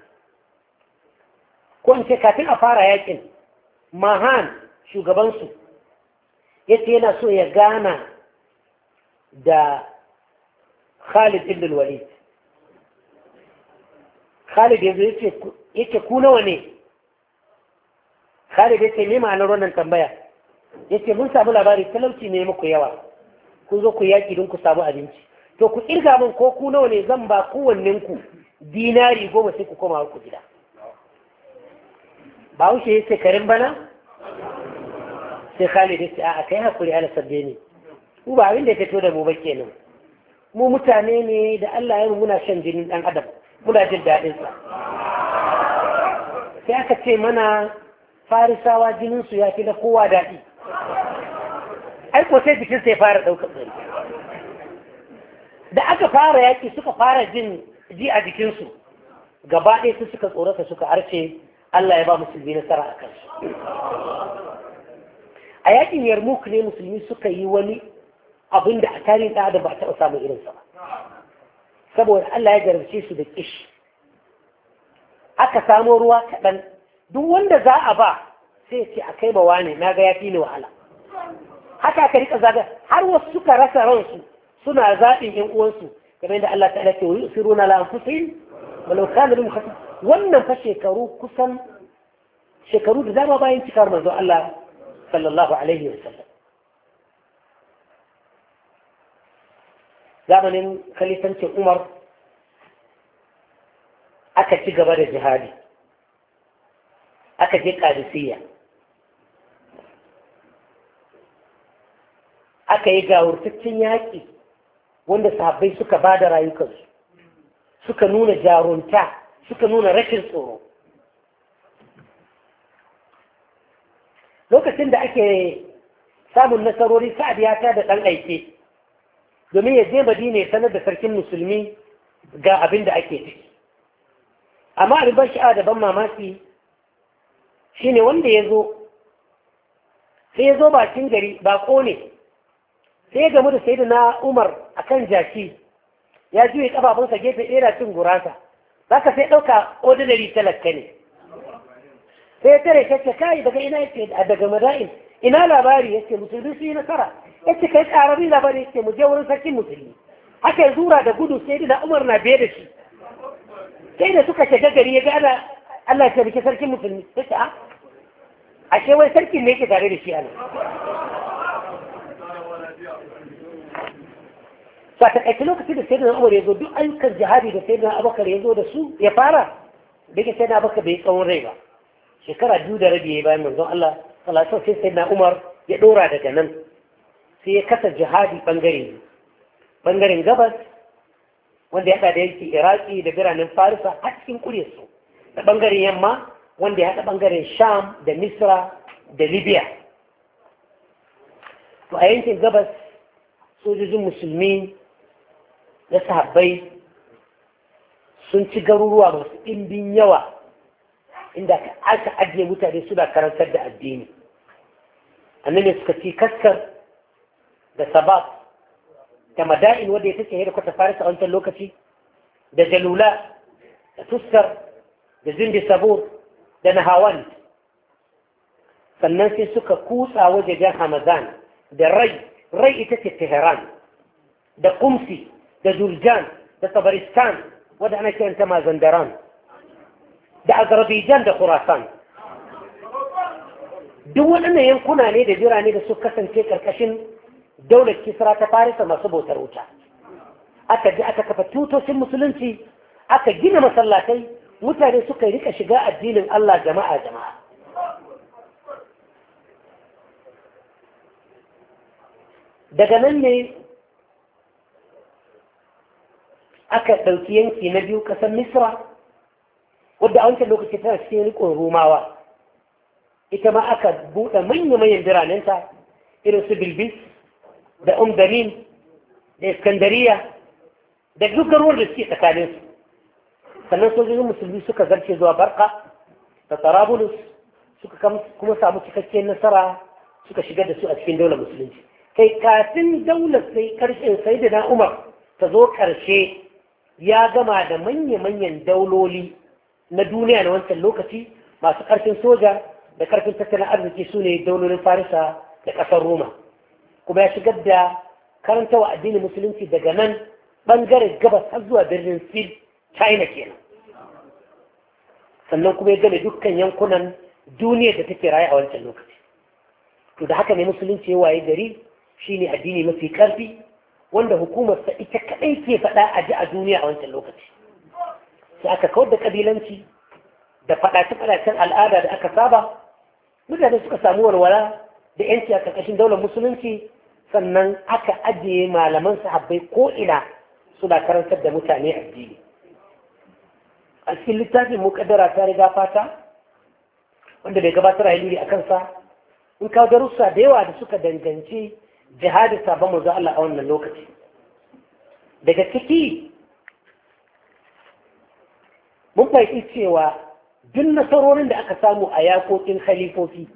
ko in ce kafin a fara yakin mahan shugabansu ya ce yana so ya gana da khalid ibn walid khalid yanzu ya ce ku nawa ne khalid ya ce ma ma'anar wannan tambaya ya ce mun samu labari talauci ne muku yawa ku zo ku yaƙi don ku samu abinci to ku irga min ko ku nawa ne zan ba kowanninku dinari goma sai ku koma ku gida ba wuce ya ce karin bana sai khalid ya ce a'a kai hakuri ala sabbe ne mu ba abin da ya fito da mu ba kenan mu mutane ne da Allah ya muna shan jinin dan adam muna jin daɗin sa sai aka ce mana farisawa jinin su ya fi da kowa daɗi ai ko sai bikin sai fara ɗaukar tsari da aka fara yaƙi suka fara jin ji a jikinsu gaba ɗaya su suka tsorata suka arce Allah ya ba musulmi nasara a kansu a yakin yarmuk ne musulmi suka yi wani abin da a tarihin ɗan adam ba a taɓa samun irinsa ba saboda Allah ya jarabce su da kishi aka samo ruwa kaɗan duk wanda za a ba sai ce a kai mawa ne na ga ya fi ni wahala haka aka rika zaga har wasu suka rasa ransu suna zaɓin yan uwansu kamar yadda Allah ta ce wa yusiruna la na walau kana lahum wannan fa shekaru kusan shekaru da dama bayan cikar manzo Allah sallallahu alaihi wasallam zamanin khalifancin Umar aka ci gaba da jihadi aka je kadisiyya aka yi gawurtaccen yaƙi wanda sahabbai suka ba da rayukansu suka nuna jarunta suka nuna rashin tsoro lokacin da ake samun nasarori sa'ad ya ta da ɗan aike domin ya je madina ya sanar da sarkin musulmi ga abin da ake ciki amma abin ban sha'a da ban mamaki shine wanda ya zo sai ya zo bakin gari ba ne sai ya gamu da sai na umar akan jaki ya juye ƙafafunsa gefe ɗera cin gurasa za ka sai ɗauka ordinary talaka ne sai tare ka ce kai daga ina yake daga mada'in ina labari yake musulmi su yi nasara yake kai ƙararri labari yake mu je wurin sarkin musulmi haka ya zura da gudu sai da umar na biye da shi sai da suka shiga gari ya ga ana Allah ya tabbata sarkin musulmi sai ta a ashe wai sarkin ne yake tare da shi ana sa ta kai lokacin da sayyidina Umar ya zo duk ayyukan jihadi da sayyidina Abubakar ya zo da su ya fara da ke sayyidina Abubakar bai tsawon rai ba shekara biyu da rabi ya bayan manzon Allah sallallahu alaihi wasallam sayyidina Umar ya dora daga nan sai ya kasa jihadi bangare bangaren gabas wanda ya haɗa da yanki Iraki da biranen Farisa har cikin kuryarsu da bangaren yamma wanda ya haɗa bangaren Sham da Misra da Libya to a yankin gabas sojojin musulmi na sahabbai sun ci garuruwa masu ɗimbin yawa inda aka ajiye mutane suna karantar da addini annabi suka ci kaskar da sabab da mada'in wanda ya take kwata farisa a wancan lokaci da jalula da tuskar da zindi sabur da nahawan sannan sai suka kutsa wajajen hamazan da rai rai ita ce teheran da kumsi دا جولجان دا طبرستان ودا انا كنت ما زندران دا اذربيجان دا خراسان duk waɗannan yankuna ne da birane da su kasance ƙarƙashin daular kisra ta farisa masu bautar wuta aka ji aka kafa tutocin musulunci aka gina masallatai mutane suka rika shiga addinin Allah jama'a jama'a daga nan ne aka ɗauki yanki na biyu ƙasar misra wadda a wancan lokaci tana cikin rikon rumawa. ita ma aka buɗe manya-manyan biranenta irin su bilbis da umdarin da iskandariya da duk garuwar da suke tsakaninsu sannan sojojin musulmi suka zarce zuwa barka da tarabulus suka kuma samu cikakken nasara suka shiga da su a cikin daular musulunci kai kafin daular sai karshen sai da na umar ta zo karshe ya gama da manya-manyan dauloli na duniya na wancan lokaci masu karfin soja da karfin tattalin arziki su ne daulolin farisa da ƙasar roma kuma ya shigar da karanta wa addinin musulunci daga nan bangaren gabas har zuwa birnin sil china kenan sannan kuma ya gane dukkan yankunan duniya da take raye a wancan lokaci to da haka ne musulunci ya waye gari shine addini mafi karfi wanda hukumarsa ita kadai ke faɗa a ji a duniya a wancan lokaci sai aka kawar da kabilanci da faɗace-faɗacen al'ada da aka saba mutane suka samu walwala da yanci a ƙarƙashin daular musulunci sannan aka ajiye malaman sahabbai ko ina suna karantar da mutane addini a cikin littafin muƙaddara ta riga fata wanda bai gabatar a yi a kansa in kawo darussa da yawa da suka danganci jihadi sabon manzo Allah a wannan lokaci daga ciki mun fahimci cewa duk nasarorin da aka samu a yakokin khalifofi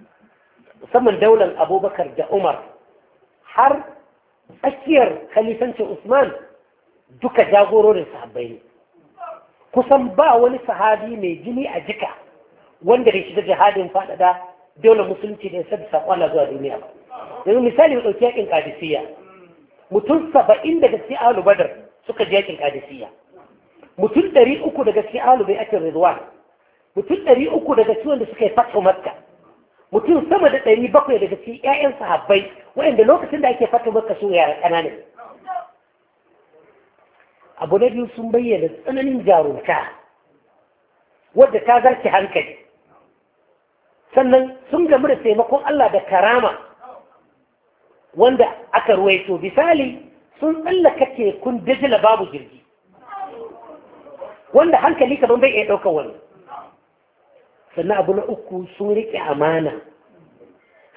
musamman daular abubakar da umar har tsakiyar khalifancin usman duka jagororin sahabbai ne kusan ba wani sahabi mai jini a jika wanda da shi da jihadin faɗaɗa daular musulunci da ya sabi saƙon zuwa duniya ba yanzu misali mu ɗauki yakin kadisiya mutum saba'in daga gaske alu badar suka je yakin kadisiya mutum ɗari uku daga gaske alu bai ake rizwan mutum ɗari uku daga gaske wanda suka yi fatu makka mutum sama da ɗari bakwai daga gaske 'ya'yan sahabbai waɗanda lokacin da ake fatu makka su yara ƙananan abu na biyu sun bayyana tsananin jarumta wadda ta zarce hankali sannan sun gamu da taimakon Allah da karama wanda aka ruwaito misali sun tsallaka tekun dajila babu jirgi wanda hankali kaman bai iya ɗaukar wani sannan abu na uku sun riƙe amana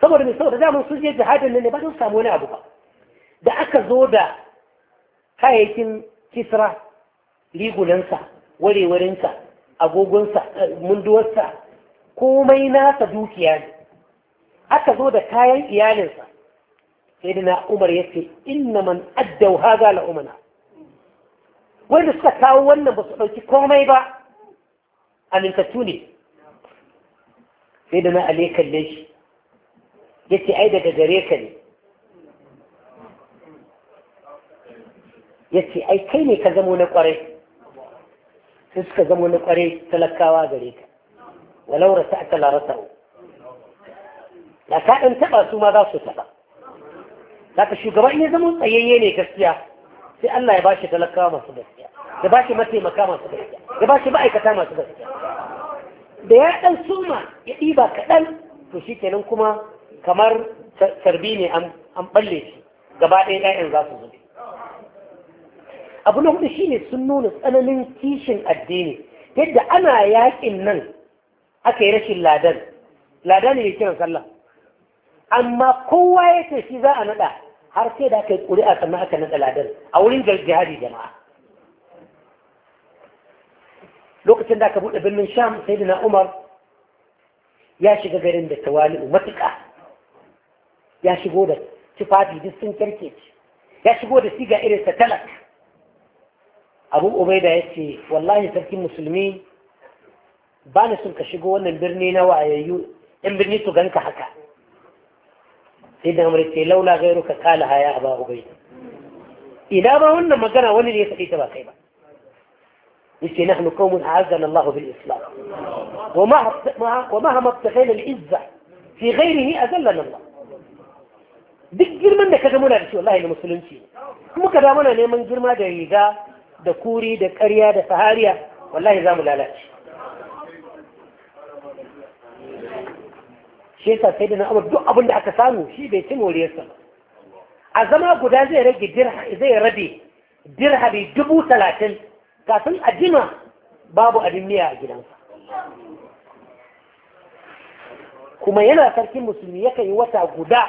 saboda mai saboda damar sun je jihadin nan ne ba su samu wani abu ba da aka zo da kayayyakin kisra rigunansa warewarinsa agogonsa eh, munduwarsa komai nasa dukiya ne aka zo da kayan iyalinsa sayyidina Umar yace inna man addau hada la umana wanda suka kawo wannan ba su dauki komai ba amintattu ne sayyidina Ali kalle shi yace ai daga gare ka ne yace ai kai ne ka zamo na kwarai sai suka zamo na kwarai talakawa gare ka taɓa su ma za su taɓa Zaka shugaba in ya zama tsayayye ne gaskiya sai Allah ya bashi talakawa masu gaskiya ya bashi mataimaka masu gaskiya ya bashi ma'aikata masu gaskiya da ya dan suma ya ɗiba kaɗan to shi kenan kuma kamar sarbi ne an balle shi gaba ɗaya ƴaƴan za su zube abu na hudu ne sun nuna tsananin kishin addini yadda ana yaƙin nan aka yi rashin ladan ladan ne kiran sallah amma kowa ya ce shi za a naɗa har sai da aka yi ƙuri'a sannan aka naɗa ladar a wurin jihadi jama'a lokacin da aka buɗe birnin sham sai da umar ya shiga garin da tawali matuƙa ya shigo da tufafi duk sun kyarkeci ya shigo da siga irin ta talak abu ubaida ya ce wallahi sarkin musulmi ba na sun ka shigo wannan birni na wayayyu in birni su ganka haka sai da amurka ce laula gairu ka kala haya a ba ubai ina ba wannan magana wani ne ya sake ta ba kai ba yace nahnu qaumun a'azzana Allah bil islam wa ma wa ma mabtaghayna al izza fi ghayrihi azallana Allah duk girman da kaga muna da shi wallahi na musulunci muka da muna neman girma da riga da kuri da ƙarya da sahariya wallahi za mu lalace shi yasa sai da na amur duk abin da aka samu shi bai ci wariyarsa ba a zama guda zai rage zai rabe dirhami dubu talatin kafin a jima babu abin miya a gidansa kuma yana sarkin musulmi yakan yi wata guda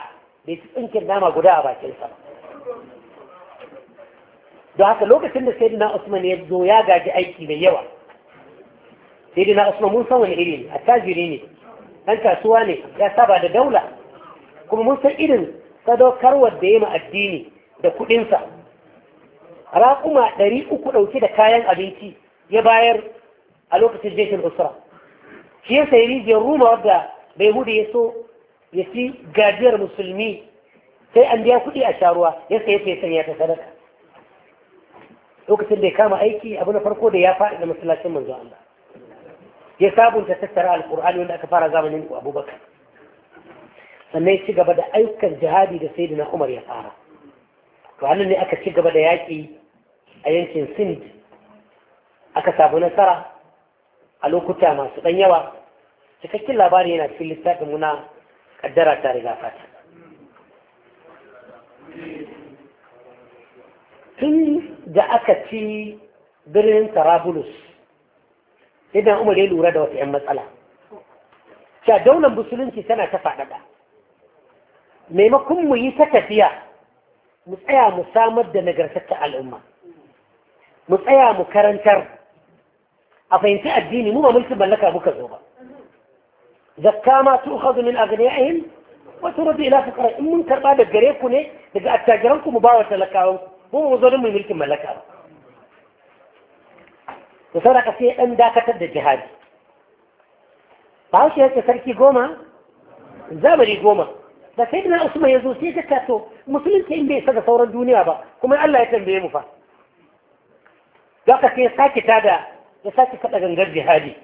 bai ci tsinkin nama guda a bakinsa ba don haka lokacin da sayyidina usman ya zo ya gaji aiki mai yawa sayyidina usman mun san wani iri ne tajiri ne dan kasuwa ne ya saba da daula kuma mun san irin sadaukarwar da ya ma addini da kuɗinsa raƙuma ɗari uku ɗauke da kayan abinci ya bayar a lokacin jeshin usra shi ya sayi rijiyar ruma wadda bai hudu ya so ya fi gajiyar musulmi sai an biya kuɗi a sharuwa ya sayi ya sanya ta sadaka lokacin da ya kama aiki abu na farko da ya faɗi da masallacin manzo Allah ya sabunta tattara alkur'ani wanda aka fara zamanin abubakar sannan ya ci gaba da aikar jihadi da sai na umar ya fara to hannun ne aka ci gaba da yaƙi a yankin sind aka samu nasara a lokuta masu ɗan yawa cikakken labari yana cikin littafin muna ƙaddara ta riga fata tun da aka ci birnin tarabulus idan umar ya lura da wata 'yan matsala cewa musulunci tana ta faɗaɗa maimakon mu yi ta tafiya mu tsaya mu samar da nagartaccen al'umma mu tsaya mu karantar a fahimci addini mu ba mulkin mallaka muka zo ba zakka ma tu khadu min aghniyaihim wa turdu ila fuqara in mun karba da gare ku ne daga attajiran ku mu ba wa talakawan ku mu zo da mulkin mallaka ba Da sauraka sai ɗan dakatar da jihadi Ba bahaushe yake sarki goma zamani goma da sai dina usman ya zo sai ya kato musulunci in bai isa sauran duniya ba kuma Allah ya tambaye mu fa don haka sai ya sake tada ya sake kaɗa gangar jihadi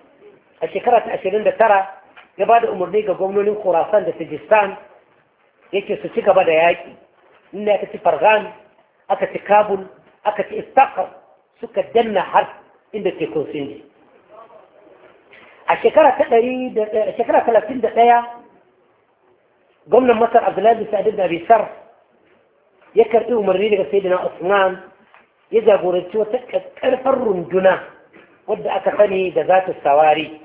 a shekara ta ashirin da tara ya ba da umarni ga gwamnonin Khorasan da Tajistan yake su ci gaba da yaƙi inda aka ci Fargan aka ci Kabul aka ci Istakar suka danna har inda tekun sindi a shekara talatin da ɗaya gwamnan masar abdullahi sa'adu da bisar ya karɓi umarni daga sayyidina usman ya jagoranci wata ƙarfar runduna wadda aka sani da za ta sawari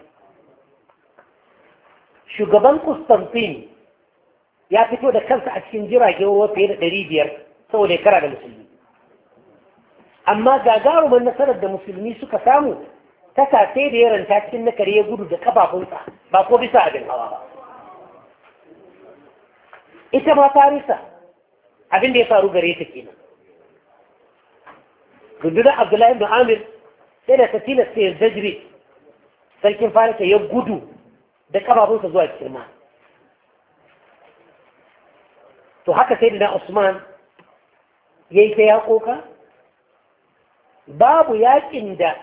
shugaban kustantin ya fito da kansa a cikin jiragen ruwa fiye da ɗari biyar saboda ya kara da musulmi amma gagarumin nasarar da musulmi suka samu ta sai da ya ranta cikin na kare gudu da kafafunsa ba ko bisa abin hawa ba ita ma farisa abin da ya faru gare ta kenan rundunar abdullahi bin amir sai da ta sai ya sarkin farisa ya gudu da kafafunsa zuwa cikin to haka sai da na usman ya yi ta ya koka babu yakin da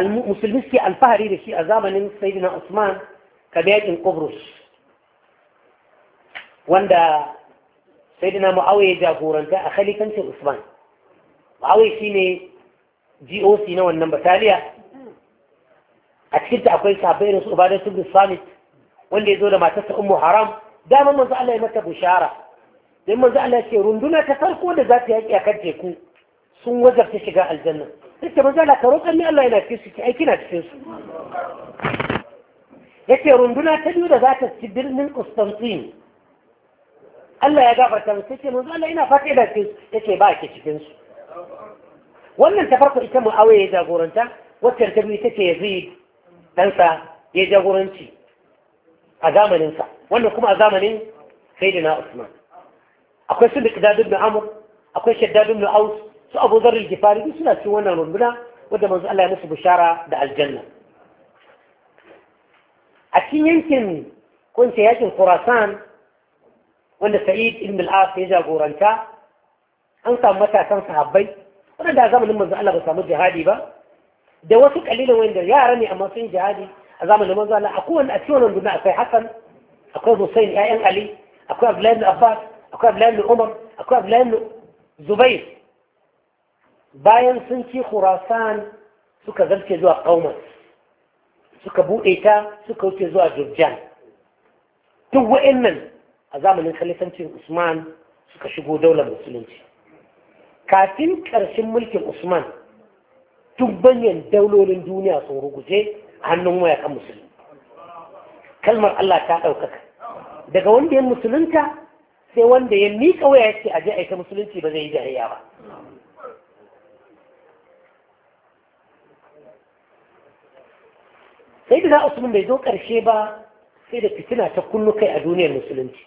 musulmi ke alfahari da shi a zamanin sayyidina Usman kamar yakin Qubrus wanda sayyidina ya jagoranta a khalifancin Usman Muawiya shine GOC na wannan bataliya a cikin akwai sahabbai da su Samit wanda ya zo da matarsa Umu Haram dama manzo Allah ya mata bishara sai manzo Allah ya ce runduna ta farko da za ta yaki akan teku sun wajarta shiga aljanna sai ta maza la karo kan Allah yana cikin su ki kina na cikin su yace runduna ta biyu da za ta ci birnin Constantine Allah ya gafarta mu sai ce manzo Allah ina fata da cikin su yace ba ke cikin su wannan ta farko ita awe ya jagoranta wacce ta biyu take Yazid dan sa ya jagoranci a zamanin sa wannan kuma a zamanin Sayyidina Usman akwai Siddiq Dadud bin Amr akwai Shaddad bin Aus su abu zarar gifari duk suna cikin wannan runduna wadda manzo Allah ya musu bishara da aljanna a cikin yankin kunce yakin Khurasan wanda Sa'id ibn al-As ya jagoranta an samu matasan sahabbai wanda a zamanin manzo Allah ba samu jihadi ba da wasu kalilan wanda yara ne amma sun jihadi a zamanin manzo Allah akwai wanda a cikin wannan akwai Hassan akwai Hussein ƴaƴan Ali akwai Abdullahi ibn Abbas akwai Abdullahi Umar akwai Abdullahi Zubair bayan sun ci khurasan suka zarce zuwa kauman suka buɗe ta suka wuce zuwa jurjan duk wa'annan a zamanin khalifancin usman suka shigo daular musulunci kafin ƙarshen mulkin usman duk banyan daulolin duniya sun ruguje a hannun waya kan musulmi kalmar allah ta ɗaukaka daga wanda ya musulunta sai wanda ya miƙa waya ce a je aika musulunci ba zai yi jariya ba sai da usman bai zo ƙarshe ba sai da fitina ta kullu kai a duniyar musulunci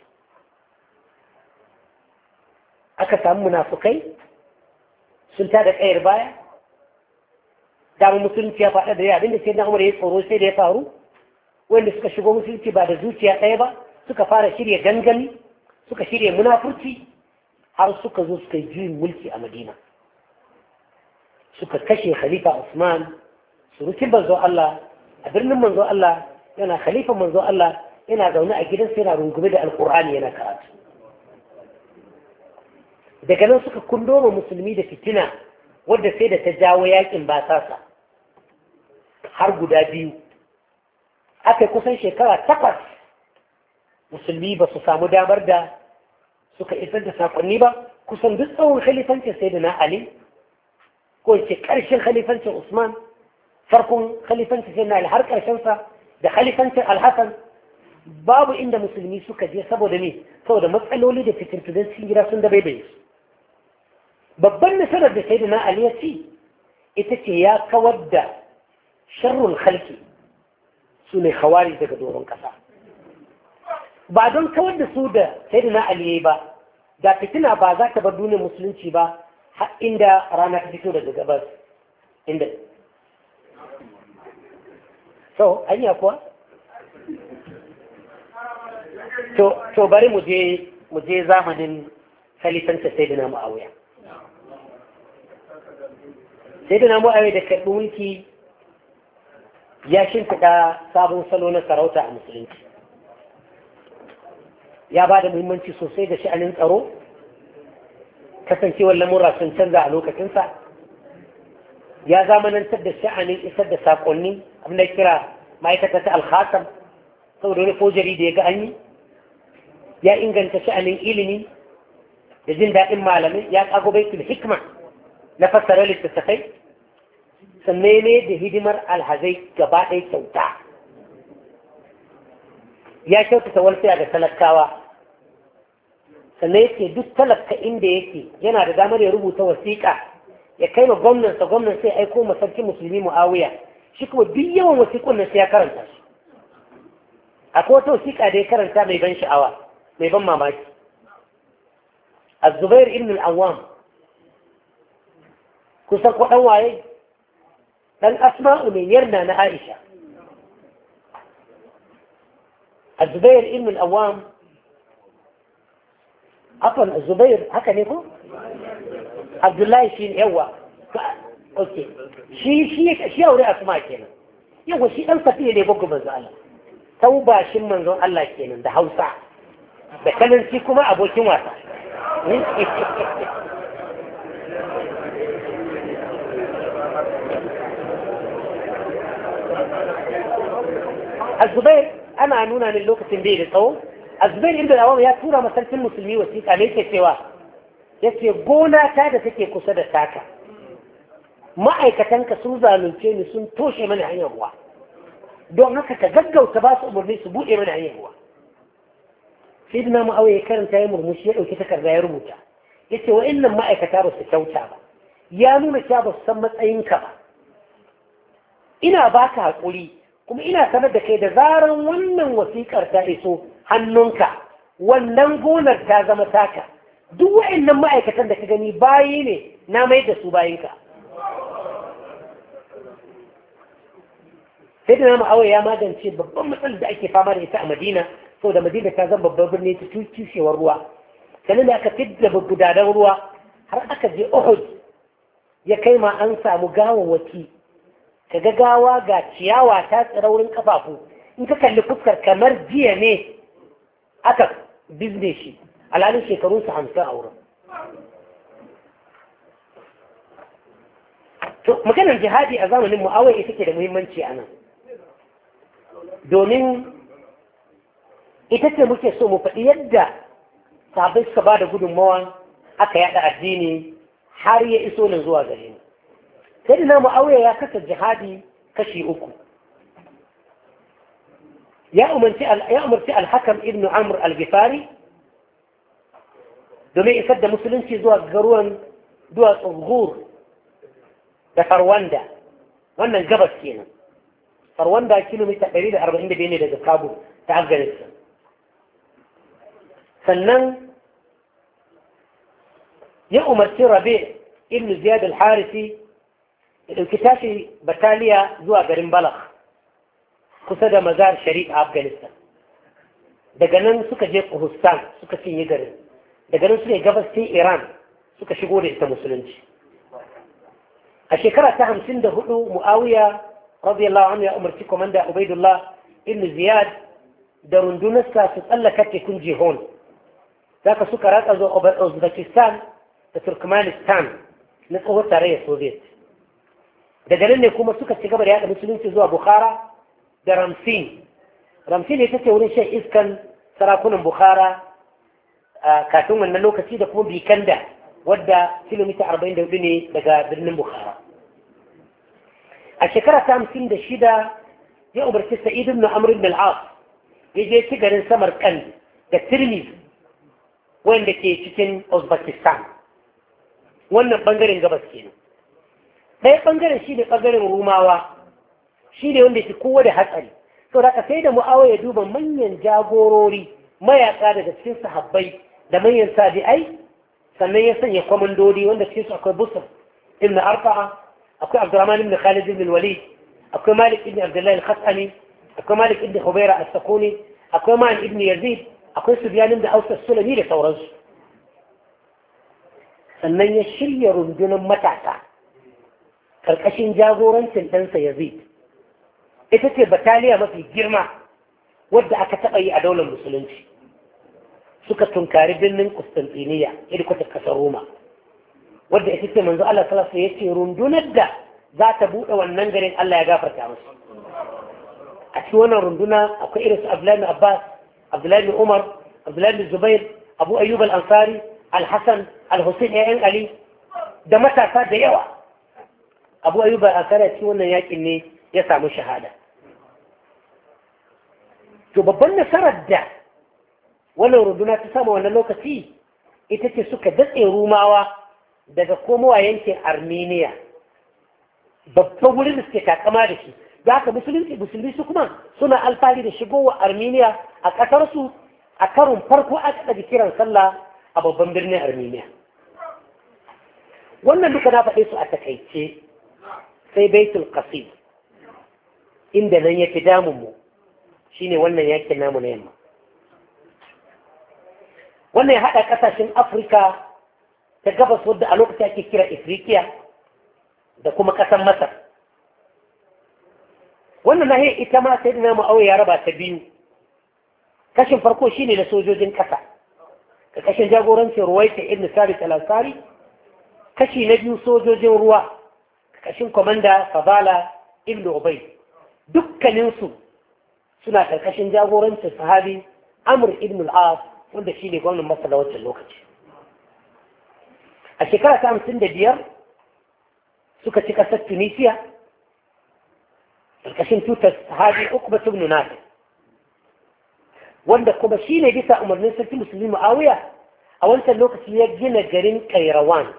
aka samu munafukai sun tada tsayar baya damar musulunci ya faɗa da ya abinda sai na umar ya tsoro sai da ya faru wanda suka shigo musulunci ba da zuciya ɗaya ba suka fara shirya gangami suka shirya munafurci har suka zo suka yi mulki a madina suka kashe khalifa usman surukin banzo allah a birnin manzo Allah yana khalifa manzo Allah yana zaune a gidansa yana rungume da alkur'ani yana karatu daga nan suka kundoma musulmi da fitina wadda sai da ta jawo yakin basasa har guda biyu aka kusan shekara takwas musulmi ba su samu damar da suka isar da sakonni ba kusan duk tsawon khalifancin sai da na ali ko ce karshen khalifancin usman farkon khalifanci sai na har ƙarshensa da khalifancin alhassan babu inda musulmi suka je saboda ne saboda matsaloli da fitintunan cikin gida sun da baibaye su babban nasarar da sai na ali ya ci ita ce ya kawar da sharrun halki su ne hawari daga doron ƙasa ba don kawar da su da sai na ali ba da fitina ba za ta bar duniyar musulunci ba har inda rana ta fito daga gabas inda to anya kuwa to bari mu je zamanin je zamanin halifanta sayyidina muawiya sayyidina muawiya da karbi mulki ya shimfiɗa sabon salo na sarauta a musulunci ya ba da muhimmanci sosai da sha'anin tsaro kasancewar lamura sun canza a lokacinsa ya zamanantar da sha'anin isar da saƙonni abin da kira ma'aikata ta alhassan saboda wani fojari da ya ga an yi ya inganta sha'anin ilimi da jin daɗin malamai ya ƙago baitul hikma na fassara littattafai sannan ne da hidimar alhazai gaba ɗaya kyauta ya kyautata walfiya ga talakawa sannan yake duk talaka inda yake yana da damar ya rubuta wasiƙa ya kai ma gwamnansa gwamnan sai aiko ma musulmi mu'awiya shi kuma duk yawan wasiƙun nan sai ya karanta shi akwai wata wasiƙa da ya karanta mai ban sha'awa mai ban mamaki الزبير ابن العوام kusan dan waye ɗan asma'u ne yarda na aisha a zubair ibn al'awam afon zubair haka ne ko abdullahi shi ne yawa اوكي شي شي اشياء ورا اسماء كده يوا شي دان كفيه دي بوكو من تو با شي من زو الله كده ده هاوسا ده كلن شي كما ابوكي واسا الزبير انا انونا من لوكه تنبيه لطول الزبير عند الاوام يا سوره مثلا في المسلمين وسيك عليك السواه يسير بونا كاد تكي كسد ساكه ma'aikatanka sun zalunce ni sun toshe mana hanyar ruwa don haka ka gaggauta ba su umarni su buɗe mana hanyar ruwa sai dina ma'auya ya karanta ya murmushi ya ɗauki takarda ya rubuta ya ce wa'innan ma'aikata ba su kyauta ba ya nuna cewa ba su san matsayinka ba ina baka haƙuri kuma ina sanar da kai da zaran wannan wasiƙar ta iso hannunka wannan gonar ta zama taka duk nan ma'aikatan da ka gani bayi ne na mai da su bayinka sai da nama ya magance babban matsalar da ake fama da ita a madina saboda madina ta zama babban birni ta cushewar ruwa sannan da aka fidda gudanar ruwa har aka je uhud ya kai ma an samu gawawaki ka ga gawa ga ciyawa ta tsira wurin kafafu in ka kalli fuskar kamar jiya ne aka bizne shi alhalin shekarun su hamsin a wurin to maganar jihadi a zamanin mu awai ita ke da muhimmanci a nan domin ita ce muke so mu faɗi yadda sabai suka ba da gudunmawa aka yada addini har ya iso nan zuwa gare ni sai na auya ya kasa jihadi kashi uku ya umarci alhakam ibn amr al-gifari domin isar da musulunci zuwa garuwan duwatsun ghur da farwanda wannan gabas kenan farwanda kilomita 145 ne daga kabul ta afghanistan sannan ya umarci rabe ibn ziyad al-harisi ya ɗauki tashi bataliya zuwa garin balakh kusa da mazar sharif a afghanistan daga nan suka je kuhustan suka cinye garin daga nan suka gabas ta iran suka shigo da ita musulunci a shekara ta hamsin da hudu mu'awiya رضي الله عنه يا أمر تكم عند عبيد الله إن زياد درون دونسا تسألا كتك كن جيهون ذاك سكرات أزو أوزبكستان تركمانستان نقوه تاريه سوديت دجلن يكون سكا تقبر يا المسلمين تزوى بخارة درمسين رمسين يتسي ولي شيء كان سراكون بخارة آه كاتون من نلوك سيدة كون بيكندا ودى كيلومتر 40 دولني لقى برنم بخارة a shekara ta hamsin da shida ya umarci sa'id ibn amr ibn al-as ya je ci garin samarkand da tirmi wanda ke cikin uzbekistan wannan bangaren gabas kenan ɗaya bangaren shi ne bangaren rumawa shi ne wanda ke kowa da hatsari sau da sai da mu'awa ya duba manyan jagorori mayaka daga cikin sahabbai da manyan sabi'ai sannan ya sanya kwamandodi wanda cikinsu akwai busar, ibn arfa'a أكو عبد الرحمن بن خالد بن الوليد أكو مالك بن عبد الله الخطأني أكو مالك بن خبيرة السقوني أكو مالك بن يزيد أكو سفيان بن حوث السلمي لتورج فمن يشري رمجنا متعتا فالأشين جاغورا سنتنسى يزيد إذا بتالية ما في جرمة ودع كتقي أدولا مسلمة سكة كاربين من قسطنطينية إلي كتب كسروما wadda ita ce manzo Allah sallallahu alaihi wasallam yace rundunar da za ta bude wannan garin Allah ya gafarta musu a cikin wannan runduna akwai irin su Abdullahi Abbas Abdullahi Umar Abdullahi Zubair Abu Ayyub al-Ansari Al-Hasan al ayyan Ali da matasa da yawa Abu Ayyub al-Ansari a cikin wannan yakin ne ya samu shahada to babban nasarar da wannan runduna ta samu wannan lokaci ita ce suka datse rumawa daga komowa yankin armenia babban wurin da suke takama da shi da haka musulunci musulmi su kuma suna alfahari da shigowa armenia a ƙasarsu a karin farko a kaɗa kiran sallah a babban birnin armenia wannan duka na faɗe su a takaice sai baitul qasid inda nan yake damunmu shine wannan yakin namu na yamma wannan ya haɗa ƙasashen afirka ta gabas wadda a lokacin ake kira Ifriqiya da kuma ƙasar Masar. Wannan nahiyar ita ma sai dina ma'auya ya raba ta biyu. Kashin farko shi ne na sojojin ƙasa. da kashin jagorancin ruwai ta irin sari talasari, kashi na biyu sojojin ruwa, ka kashin kwamanda Fabala Ibn Ubay. Dukkaninsu suna karkashin jagorancin sahabi Amr Ibn al wanda shi ne gwamnan Masar da wancan lokaci. a shekara ta hamsin da biyar suka ci ƙasar tunisiya ƙarƙashin tutar sahabi ukba tubnu nasir wanda kuma shi ne bisa umarnin sarki musulmi ma'awiya a wancan lokaci ya gina garin kairawan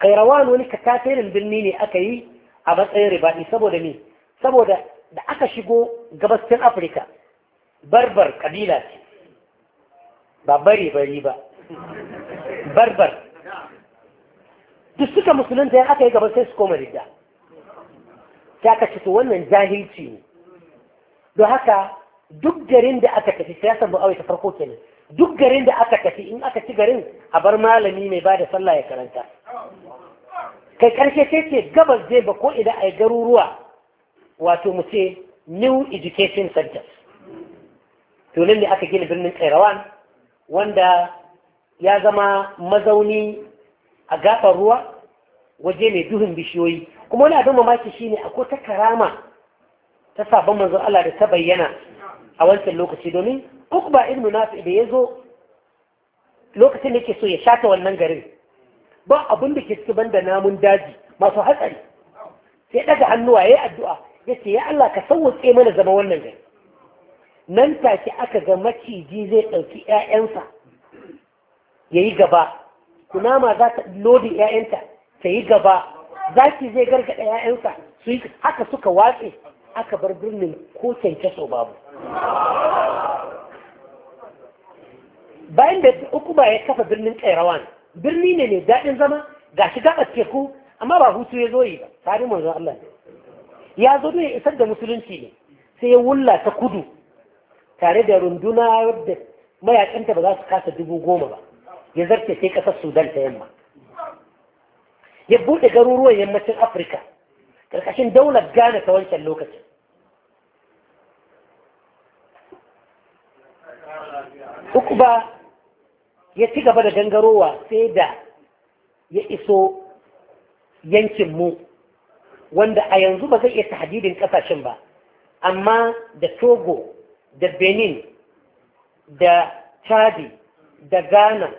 kairawan wani katatirin birni ne aka yi a matsayin ribaɗi saboda ne saboda da aka shigo gabashin afirka barbar kabila ce ba bari bari ba barbar duk suka musulunta ya aka yi gaba sai su koma rida ta ka ci wannan jahilci ne don haka duk garin da aka tafi siyasar mu'awai ta farko kenan duk garin da aka tafi in aka ci garin a bar malami mai ba da sallah ya karanta kai karshe sai ce gabas zai ba ko idan a garuruwa wato mu ce new education centers to nan ne aka gina birnin kairawan wanda ya zama mazauni a gaɓar ruwa waje mai duhun bishiyoyi kuma wani abin mamaki shi ne akwai ta karama ta sabon manzon Allah da ta bayyana a wancan lokaci domin uku ba ilmi na da ya zo lokacin da yake so ya shata wannan garin ba abin da ke cikin da namun daji masu hatsari sai daga hannuwa ya yi addu'a ya ce ya Allah ka sauwaƙe mana zama wannan gari nan take aka ga maciji zai ɗauki ‘ya'yansa ya yi gaba kunama za ta lodi 'ya'yanta ta yi gaba zaki zai gargaɗa 'ya'yanta, su yi haka suka watse aka bar birnin ko so babu bayan da uku ba ya kafa birnin kairawan birni ne mai daɗin zama ga shiga a teku amma ba hutu ya zo yi ba tare manzon Allah ne ya zo ne isar da musulunci ne sai ya wulla ta kudu tare da runduna wadda mayakanta ba za su kasa dubu goma ba ya sai ƙasar sudan ta yamma ya buɗe garuruwan yammacin afirka ƙarƙashin daular gane ta wancan lokacin uku ba ya ci gaba da gangarowa sai da ya iso yankinmu wanda a yanzu ba zai iya tahadidin ƙasashen ba amma da togo da benin da chadi da ghana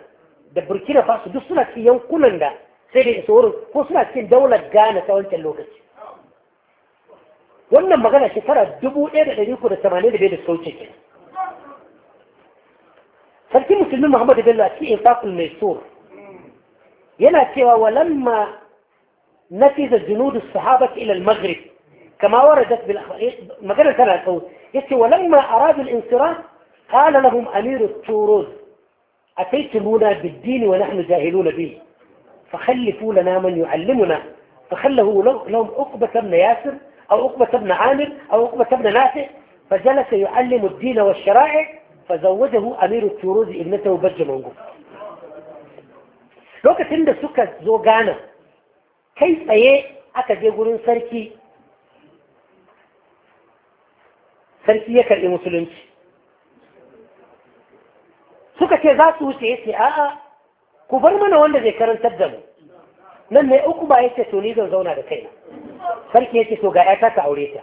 da burkina faso duk suna cikin yankunan da sai da isa wurin ko suna cikin daular ghana ta wancan lokaci wannan magana shekara dubu ɗaya da ɗari da tamanin da bai da sauce ke sarki musulmi muhammadu bello a cikin infaqul mai sur yana cewa walamma نفذ جنود الصحابة إلى المغرب كما وردت مجرد ثلاثة يقول ولما أرادوا الانصراف قال لهم أمير التوروز أتيتمونا بالدين ونحن جاهلون به فخلفوا لنا من يعلمنا فخله لهم عقبة بن ياسر أو عقبة بن عامر أو عقبة بن نافع فجلس يعلم الدين والشرائع فزوجه أمير التوروز ابنته بج منقوف لو da suka زوجانا كيف kai أيه أكد يقولون سركي gurin sarki sarki suka ce za su wuce ya yace a'a ku bar mana wanda zai karantar da mu nan ne uku ba ya ce to ni zan zauna da kaina sarki yace to ga ƴata ka aure ta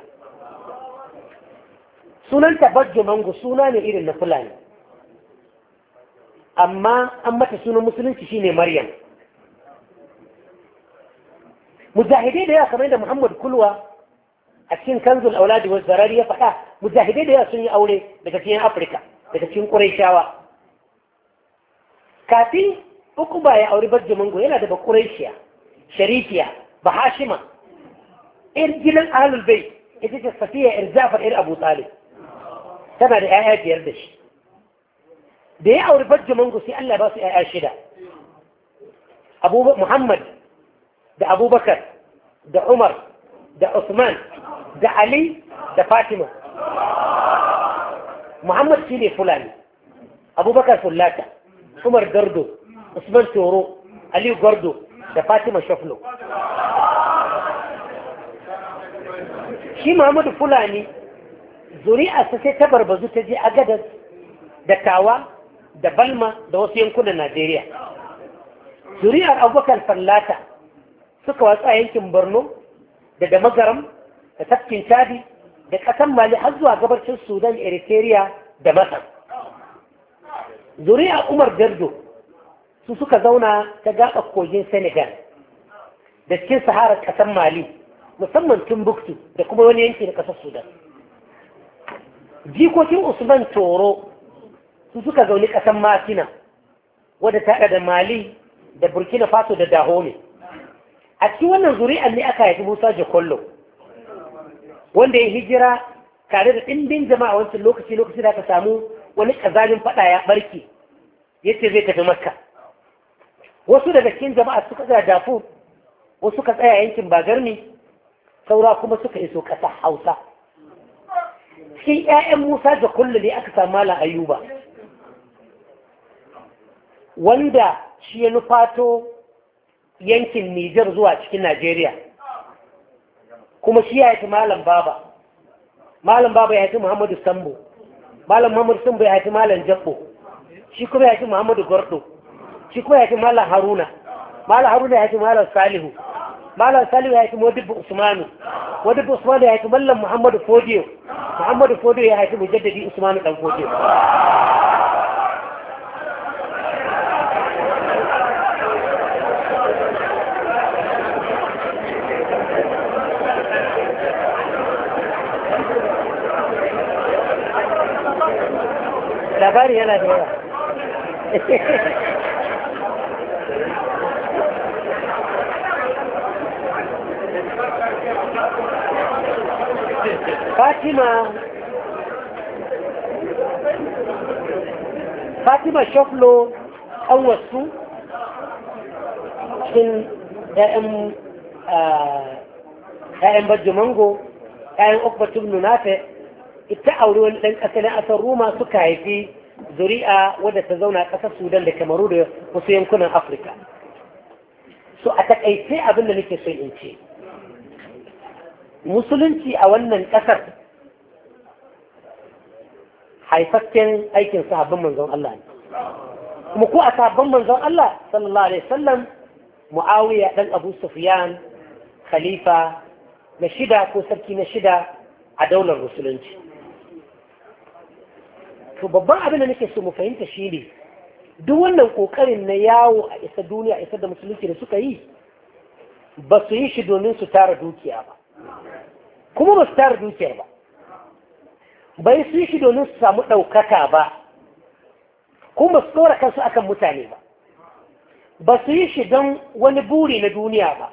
sunanta bajjo mango suna ne irin na fulani amma an mata sunan musulunci shine maryam mujahidai da yawa kamar da muhammad kulwa a cikin kanzul auladi wa zarari ya faɗa mujahidai da yawa sun yi aure daga cikin afirka daga cikin Shawa. kafin uku ba ya auri bar jamango yana da bakuraishiya sharifiya ba hashima in gidan ahalul bai ita ce safiya yar jafar yar abu talib tana da 'ya'ya biyar da shi da ya auri bar jamango sai Allah ba su 'ya'ya shida Muhammad da Abubakar da Umar da Usman da Ali da Fatima Muhammad shi ne Fulani Abubakar Fulata Umar Gardo, Usman Toro, Aliyu Gardo da Fatima Shaflo. Shi Muhammadu Fulani zuri'arsa sai ta barbazu ta je agadar da tawa da balma da wasu yankunan Najeriya. Zuri'ar abokan fallata suka watsa yankin Borno da da magaram da tafkin Chadi da ƙasan Mali har zuwa gabashin Sudan, Eritrea da Masar. zuri'a umar gardo su suka zauna ta gaba kogin senegal da cikin saharar ƙasar mali musamman tun timbuktu da kuma wani yanki na ƙasar sudan jikokin usman toro su suka zauni ƙasar masina wadda ta da mali da burkina faso da dahome a cikin wannan zuri'a ne aka haifi musa jakollo wanda ya hijira tare da ɗimbin jama'a wancan lokaci lokaci da aka samu wani kazamin faɗa ya barke yace zai tafi makka wasu daga cikin jama'a suka tsaya dafu wasu suka tsaya yankin bagarni saura kuma suka iso ƙasa hausa cikin 'ya'yan musa da kullu ne aka samu malam ayuba wanda shi ya nufato yankin nijar zuwa cikin najeriya kuma shi ya haifi malam baba malam baba ya fi muhammadu sambo malam mamadu sun bai haifi malam jabbo shi kuma ya haifi muhammadu gordo shi kuma ya haifi malam haruna malam haruna ya haifi malam salihu malam salihu ya haifi modibu usmanu modibu usmanu ya haifi mallam muhammadu fodiyo muhammadu fodiyo ya haifi mujaddadi usmanu dan fodiyo labari yana da yawa Fatima Fatima Shoflo an wasu cikin ‘ya'yan Bajumango, ‘ya'yan Okbatun Nunafe, ita auri wani ɗan ƙasa na asar Roma suka haifi zuri'a wadda ta zauna ƙasar sudan da kamaru da wasu yankunan afirka so a takaice abin da nake son in ce musulunci a wannan ƙasar haifaffen aikin sahabban manzon Allah ne kuma ko a sahabban manzon Allah sallallahu alaihi wasallam muawiya dan abu sufyan khalifa na shida ko sarki na shida a daular musulunci to babban abin da nake so mu fahimta shine ne duk wannan kokarin na yawo a isa duniya isa da musulunci da suka yi ba su yi shi domin su tara dukiya ba kuma ba su tara dukiyar ba bai su yi shi domin su samu ɗaukaka ba kuma ba su ɗora kansu akan mutane ba ba su yi shi don wani buri na duniya ba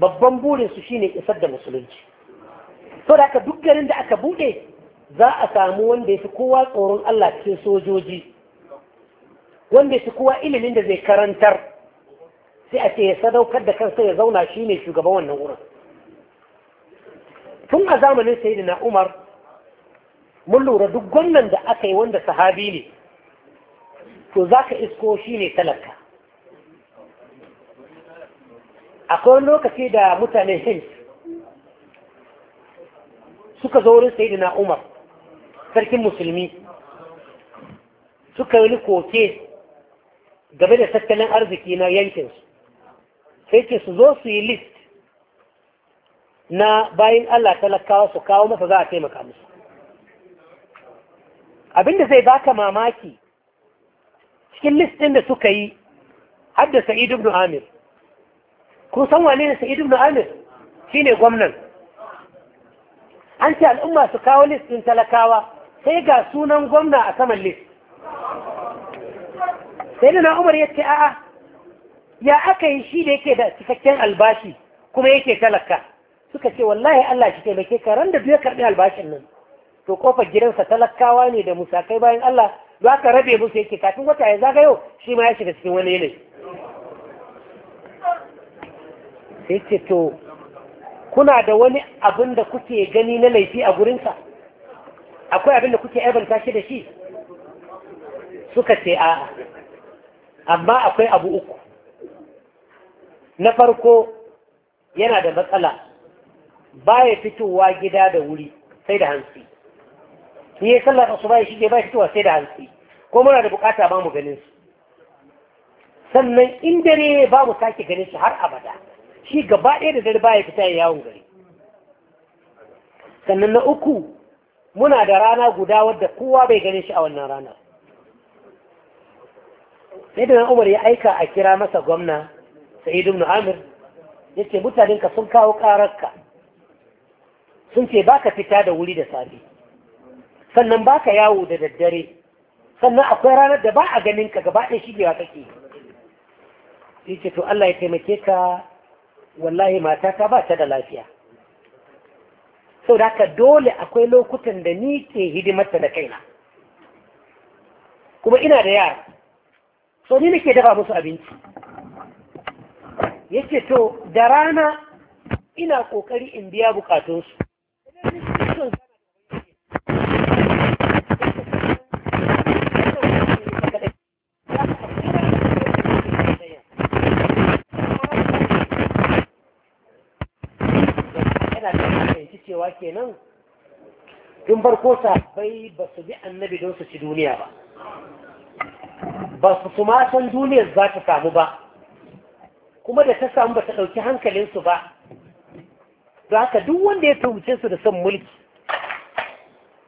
babban burinsu shine isar da musulunci to da aka duk garin da aka buɗe za a samu wanda ya fi kowa tsoron Allah cikin sojoji wanda ya fi kowa ilimin da zai karantar sai a ce ya sadaukar da kansa ya zauna shi ne shugaban wannan wurin tun a zamanin sayyidina Umar mun lura duk gwamnan da aka yi wanda sahabi ne to za ka isko shi ne talaka akwai lokaci da mutanen hins suka zo wurin na umar sarkin musulmi suka yi koke game da tattalin arziki na yankinsu sai ce su zo su yi list na bayan Allah talakawa su kawo masa za a taimaka musu abinda zai baka mamaki cikin list ɗin da suka yi hadda Sa'idu, sa'id ibn amir kun san wane ne sa'id ibn amir shine gwamnan an ce al'umma su kawo list ɗin talakawa sai ga sunan gwamna a saman list sai da umar ya ce a'a ya aka yi shi da yake da cikakken albashi kuma yake talaka suka ce wallahi Allah shi taimake ka karan da biyar ya karɓi albashin nan to kofar gidansa talakawa ne da musakai bayan Allah za ka rabe musu yake kafin wata ya yau? shi ma ya shiga cikin wani yanayi sai ce to kuna da wani abin da kuke gani na laifi a gurinsa akwai abin da kuke aibanta shi da shi suka ce a amma akwai abu uku na farko yana da matsala baya fitowa gida da wuri sai da hansi in yi sallar da su baya shige baya fitowa sai da hansi ko muna da bukata ba mu ganin su sannan in dare ba mu sake ganin shi har abada shi gaba ɗaya da dare baya fita ya yawon gari sannan na uku muna da rana guda wadda kowa bai gane shi a wannan rana sai da umar ya aika a kira masa gwamna Sa'idu ibn amir ya ce mutanenka sun kawo ƙararka sun ce ba ka fita da wuri da safe sannan ba ka yawo da daddare sannan akwai ranar da ba a ganin ka gaba ɗaya shigewa kake sai ce to Allah ya taimake ka wallahi mata ta ba ta da lafiya sau da haka dole akwai lokutan da ni ke hidimarta da kaina kuma ina da yara so ni nake dafa musu abinci yake to da rana ina kokari in biya bukatunsu kenan tun farko sahabbai ba su bi annabi don su ci duniya ba ba su kuma san duniyar za ta samu ba kuma da ta samu ba ta ɗauki hankalinsu ba da haka duk wanda ya tumce su da son mulki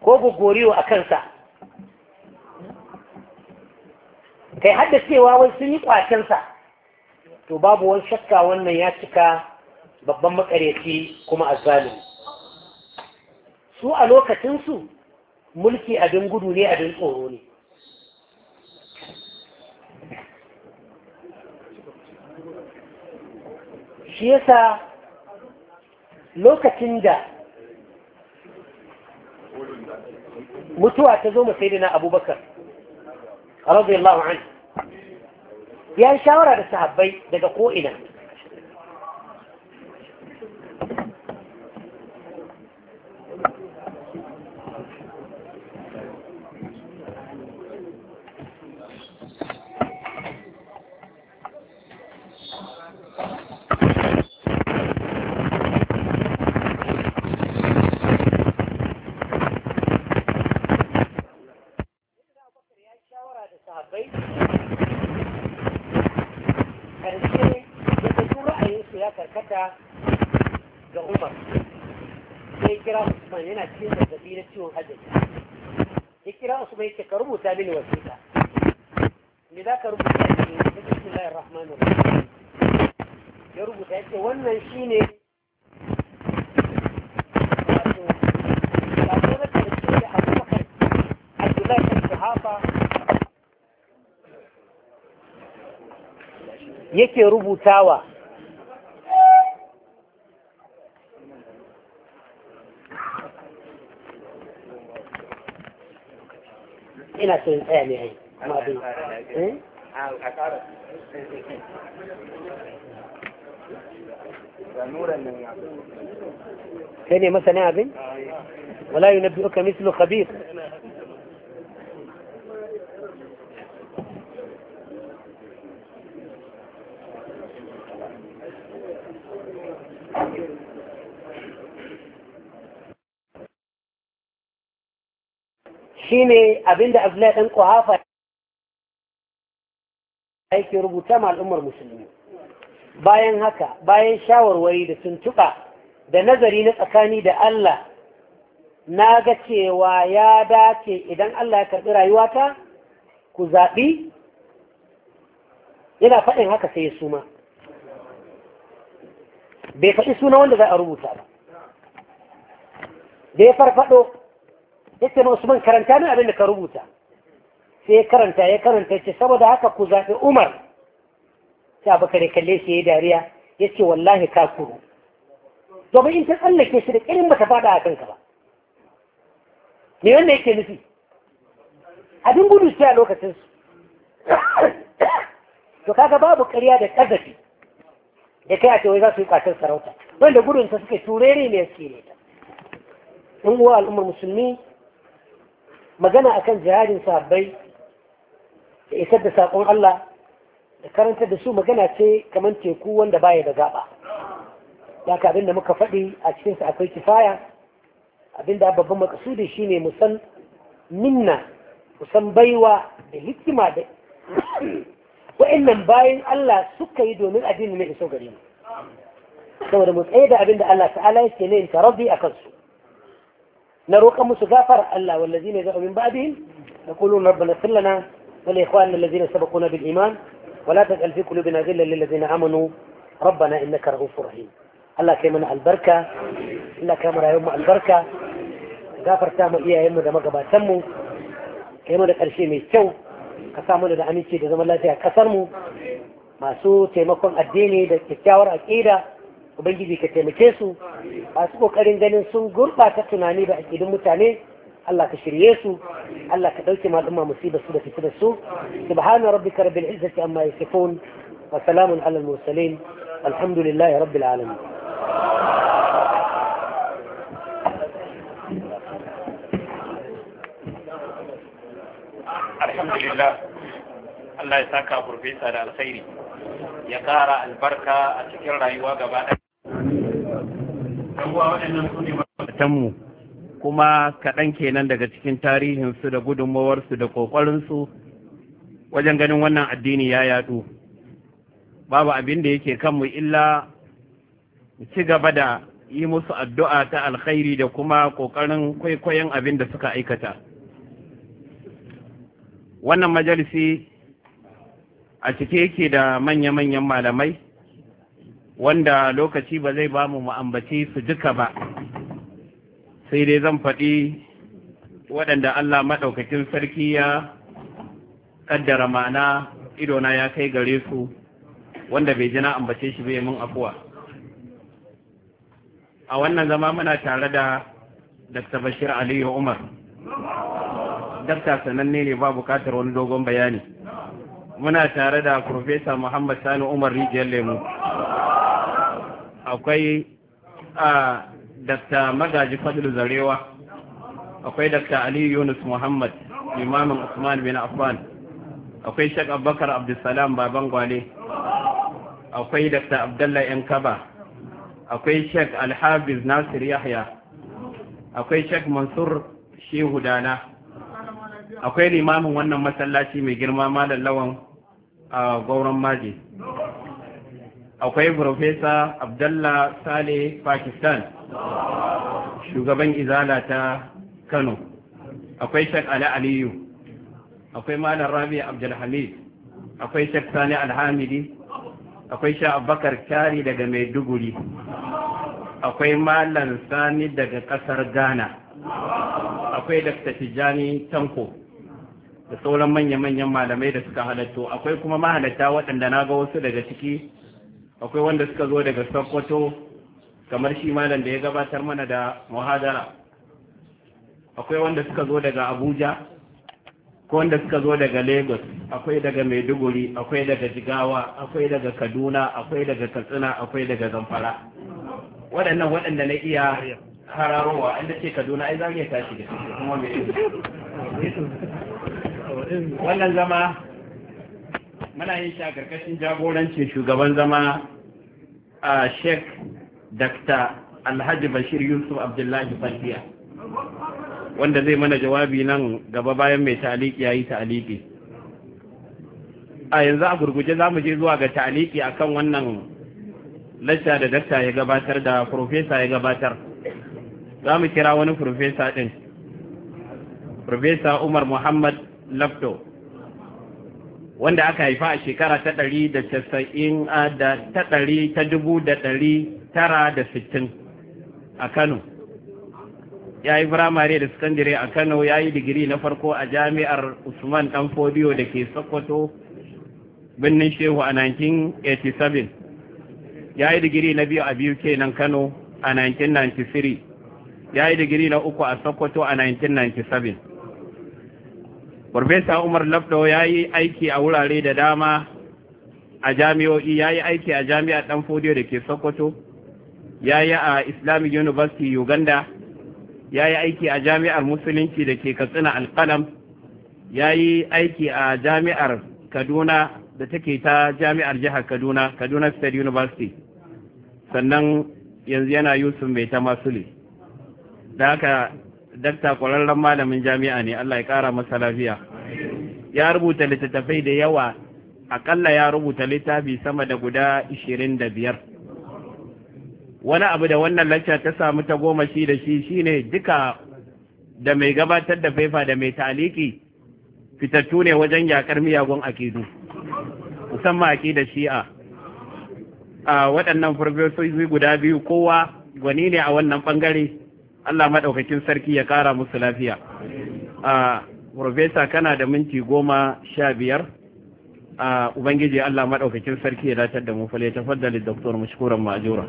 ko goriyo a kansa kai hada cewa wai sun yi kwacensa to babu wani shakka wannan ya cika babban makareci kuma azzalimi su a lokacinsu mulki abin gudu ne abin tsoro ne shi yasa lokacin da mutuwa ta zo masai na abubakar radiyallahu an ya yi shawara da sahabbai daga ko'ina yake rubutawa ina so in ne ai amma bin kai ne masanin abin wala yunabbi'uka mislu khabir ne abinda Abdullahi dan ya ke rubuta ma al'ummar musulmi bayan haka bayan shawarwari da tuntuɓa da nazari na tsakani da Allah na ga cewa ya dace idan Allah ya karɓi rayuwata ku zaɓi yana faɗin haka sai ya suma bai faɗi suna wanda za a rubuta ba da ya farfaɗo yake ma usman karanta min abin da ka rubuta sai ya karanta ya karanta ce saboda haka ku zaɓi umar sai abubakar ya kalle shi ya yi dariya ya ce wallahi ka kuru domin in ta tsallake shi da irin ba ta faɗa a kanka ba me wanda yake nufi abin gudu sai a lokacin su to kaga babu ƙarya da ƙazafi da kai a ce wai za su yi ƙasar sarauta wanda gudun ta suke turere ne suke ne ta in uwa al'ummar musulmi magana akan jihadin sahabbai da isar da saƙon Allah da karanta da su magana ce kamar teku wanda baya da gaba da ka abinda muka faɗi a cikinsa akwai kifaya abinda babban makasudi shine musan minna musan baiwa da hikima da wa'annan bayan Allah suka yi domin addini na iso gare mu saboda mu tsaye da abinda Allah ta'ala yake ne ta rabi a kansu نروق مسغافر ألا والذين جاءوا من بعدهم يقولون ربنا اغفر لنا ولإخواننا الذين سبقونا بالإيمان ولا تجعل في قلوبنا غلا للذين آمنوا ربنا إنك رؤوف رحيم الله كيمنا البركة الله كيمنا يوم البركة غافر تامو إيا يمو ذا مقبا تمو كيمنا قرشي ميتشو كسامونا دا أميشي دا زمان الله تيها كسرمو masu taimakon addini da kyakkyawar ubangiji ka taimake su a su kokarin ganin sun gurbata tunani ba idan mutane Allah ka shirye su Allah ka dauke ma al'umma musiba su da fitinar su subhana rabbika rabbil izzati amma yasifun wa salamun ala al mursalin alhamdulillahi rabbil alamin alhamdulillah Allah ya saka burfesa da alkhairi ya kara albarka a cikin rayuwa gaba ɗaya abuwa waɗannan su ne kuma kaɗan kenan daga cikin tarihinsu da gudunmawarsu da ƙoƙarinsu wajen ganin wannan addini ya yaɗu babu abin da yake kanmu illa ci gaba da yi musu addu'a ta alkhairi da kuma ƙoƙarin kwaikwayon abin da suka aikata wannan majalisi a cike yake da manya-manyan malamai wanda lokaci ba zai ba mu ma'ambaci su duka ba sai dai zan faɗi waɗanda Allah maɗaukacin sarki ya ƙaddara ma'ana idona ya kai gare su wanda bai jina ambace shi bai mun afuwa a wannan zama muna tare da Dr. Bashir Aliyu Umar Dr. sananne ne ba bukatar wani dogon bayani muna tare da Profesa Muhammad Sani Umar Rijiyar Lemu akwai a dakta magaji fadil zarewa akwai dakta ali yunus muhammad imamin usman bin Afan. akwai shek abubakar abdulsalam baban gwale akwai dakta abdullahi yan kaba akwai shek alhabiz nasir yahya akwai shek mansur shehu dana akwai limamin wannan masallaci mai girma malam lawan a gauran maji akwai Profesa Abdallah Sale Pakistan, shugaban izala ta Kano, akwai shek Ali Aliyu, akwai Malam Rabi Abdulhamid, akwai shek Sani Alhamidi, akwai Sha Abubakar Kyari daga Maiduguri, akwai Malam Sani daga ƙasar Ghana, akwai Dr. Tijjani Tanko. da sauran manya-manyan malamai da suka halatto akwai kuma mahalatta waɗanda na ga wasu daga ciki akwai wanda suka zo daga sokoto kamar shi malam da ya gabatar mana da muhadara akwai wanda suka zo daga abuja ko wanda suka zo daga lagos akwai daga maiduguri akwai daga jigawa akwai daga kaduna akwai daga katsina akwai daga zamfara waɗannan waɗanda na iya hararowa inda ce kaduna ai zage ta shi kuma me wannan zama muna yin shi a jagorancin shugaban zama a sheik dr alhaji bashir yusuf abdullahi falfiya wanda zai mana jawabi nan gaba bayan mai taliki ya yi taliki a yanzu a gurguje za mu je zuwa ga taliki kan wannan lacca da dakta ya gabatar da profesa ya gabatar za mu kira wani profesa ɗin? profesa umar muhammad lafto wanda aka haifa a shekara ta ɗari da casa'in da ta ɗari ta dubu da ɗari tara da sittin a Kano. Ya yi firamare da sakandare a Kano ya yi digiri na farko a jami'ar Usman ɗan Fodiyo da ke Sokoto birnin Shehu a 1987. Ya yi digiri na biyu a biyu kenan Kano a 1993. Ya yi digiri na uku a Sokoto a 1997. farfesa umar lafdo ya yi aiki a wurare da dama a jami'o'i ya yi aiki a jami'ar ɗan fodiyo da ke sokoto ya yi a islamic university uganda ya yi aiki a jami'ar musulunci da ke katsina alkalam ya yi aiki a jami'ar kaduna da take ta jami'ar jihar kaduna kaduna state university sannan yanzu yana yusuf mai ta masuli da haka dakta kwararren malamin jami'a ne Allah ya kara masa lafiya ya rubuta littattafai da yawa akalla ya rubuta littafi sama da guda ishirin da biyar wani abu da wannan lacca ta samu ta goma shi da shi shine duka da mai gabatar da faifa da mai taliki fitattu ne wajen yakar miyagun akidu musamman da shi'a a waɗannan farfesoyi guda biyu kowa gwani ne a wannan ɓangare Allah maɗaukakin sarki ya ƙara musu lafiya a profesa kana da minti goma sha biyar a ubangiji Allah maɗaukakin sarki ya datar da mu fale ta faddali doktor mashkuran ma'ajura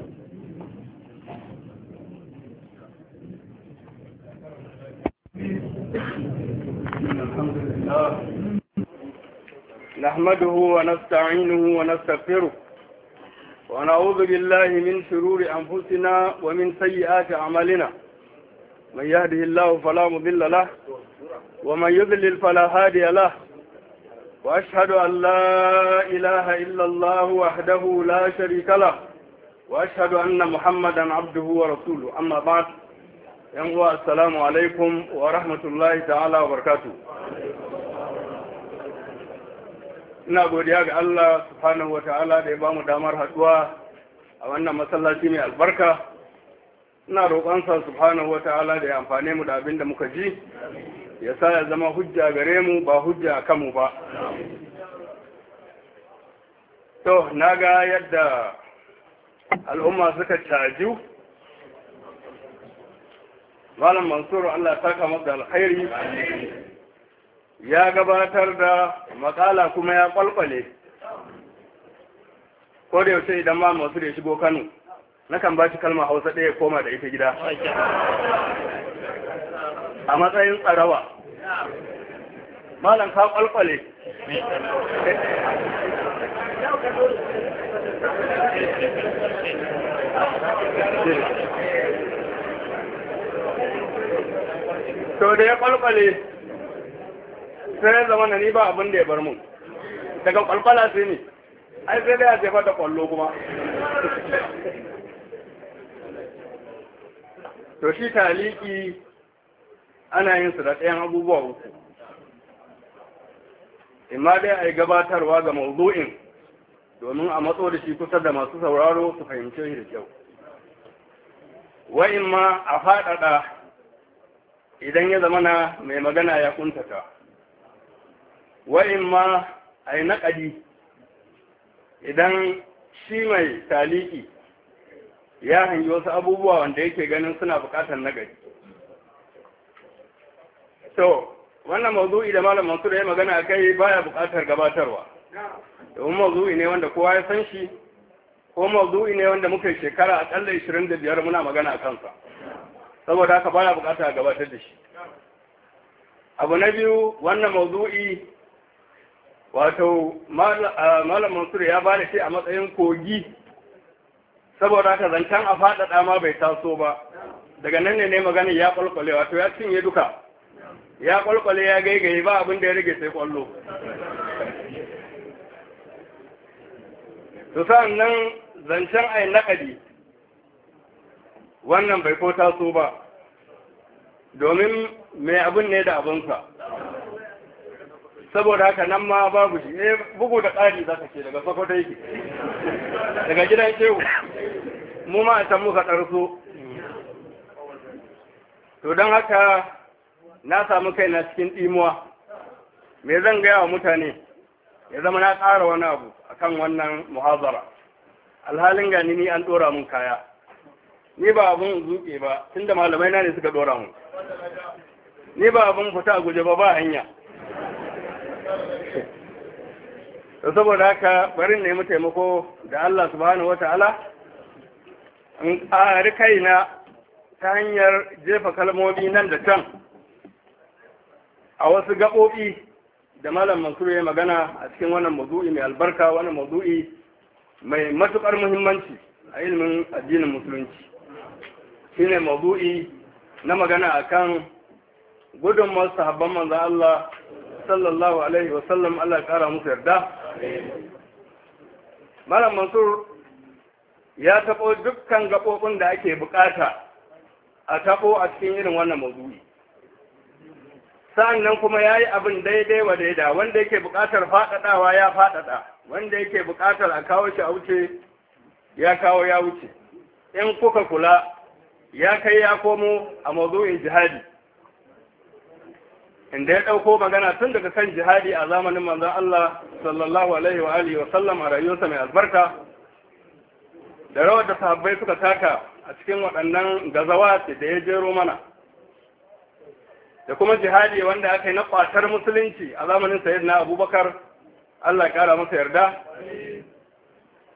نحمده ونستعينه ونستغفره ونعوذ بالله من شرور أنفسنا ومن سيئات أعمالنا من يهده الله فلا مضل له ومن يضلل فلا هادي له وأشهد أن لا إله إلا الله وحده لا شريك له وأشهد أن محمدا عبده ورسوله أما بعد ينقوى السلام عليكم ورحمة الله تعالى وبركاته ina godiya ga Allah subhanahu wa ta'ala da ya bamu damar haduwa a wannan masallaci mai albarka ina roƙonsa subhanahu wa ta'ala da ya amfane mu da abin da muka ji ya sa ya zama hujja gare mu ba hujja a kanmu ba to na ga yadda al'umma suka caju malam mansur allah saka masa alkhairi ya gabatar da makala kuma ya kwalkwale ko da yaushe idan ma masu da shigo kano Na kan ba shi kalma hausa ɗaya koma da ita gida a matsayin tsarawa malam ka kwalkwale to da ya kwalkwale sai zama na ni ba abin da ya bar mun daga kwalkwala sai ne ai sai da ya jefa da kwallo kuma to shi taliki ana yin su da ɗayan abubuwa uku imma dai a yi gabatarwa ga mawudu'in domin a matso da shi kusa da masu sauraro su fahimce shi da kyau wa'in ma a faɗaɗa idan ya zama na mai magana ya kuntata wa'in ma a yi naƙadi idan shi mai taliki ya hangi wasu abubuwa wanda yake ganin suna bukatar nagari to wannan mazu'i da malam mansur ya magana a kai baya bukatar gabatarwa domin mazu'i ne wanda kowa ya san shi ko mazu'i ne wanda muka shekara akalla 25 muna magana a kansa saboda haka baya bukatar gabatar da shi abu na biyu wannan mazu'i wato malam mansur ya bada shi a matsayin kogi saboda haka zancen a faɗaɗa ma bai taso ba daga nan ne ne magana ya kwalkwale wato ya cinye duka ya kwalkwale ya gaigaye ba abin da ya rage sai kwallo to sa'an nan zancen ai naƙadi wannan bai ko taso ba domin mai abin ne da abinsa saboda haka nan ma babu shi eh bugu da ƙari za ka ce daga sakwata yake daga gidan shehu mu ma a can muka ɗarso to don haka na samu kai na cikin ɗimuwa me zan gaya wa mutane ya zama na ƙara wani abu akan wannan muhazara alhalin gani ni an ɗora mun kaya ni ba abin zuƙe ba tunda malamai na ne suka ɗora mun ni ba abin fita a guje ba ba hanya da saboda haka barin nemi taimako da Allah subhanahu wata'ala in ƙari kaina ta hanyar jefa kalmomi nan da can a wasu gaɓoɓi da malam mansur ya magana a cikin wannan mazu'i mai albarka wannan mazu'i mai matuƙar muhimmanci a ilimin addinin musulunci shine mazu'i na magana a akan gudunmawar sahabban manzan Allah sallallahu alaihi wasallam Allah ya ƙara musu yarda malam mansur ya taɓo dukkan gaɓoɓin da ake bukata a taɓo a cikin irin wannan mazuri. sa'an kuma ya yi abin daidai wa daida wanda yake buƙatar faɗaɗawa ya faɗaɗa wanda yake buƙatar a kawo shi a wuce ya kawo ya wuce in kuka kula ya kai ya komo a mazuyin jihadi inda ya ɗauko magana tun daga kan jihadi a zamanin manzan Allah sallallahu alaihi wa alihi wa sallam a rayuwarsa mai albarka da rawar da sahabbai suka taka a cikin waɗannan gazawa da ya jero mana da kuma jihadi wanda aka yi na ƙwatar musulunci a zamanin na abubakar Allah ƙara masa yarda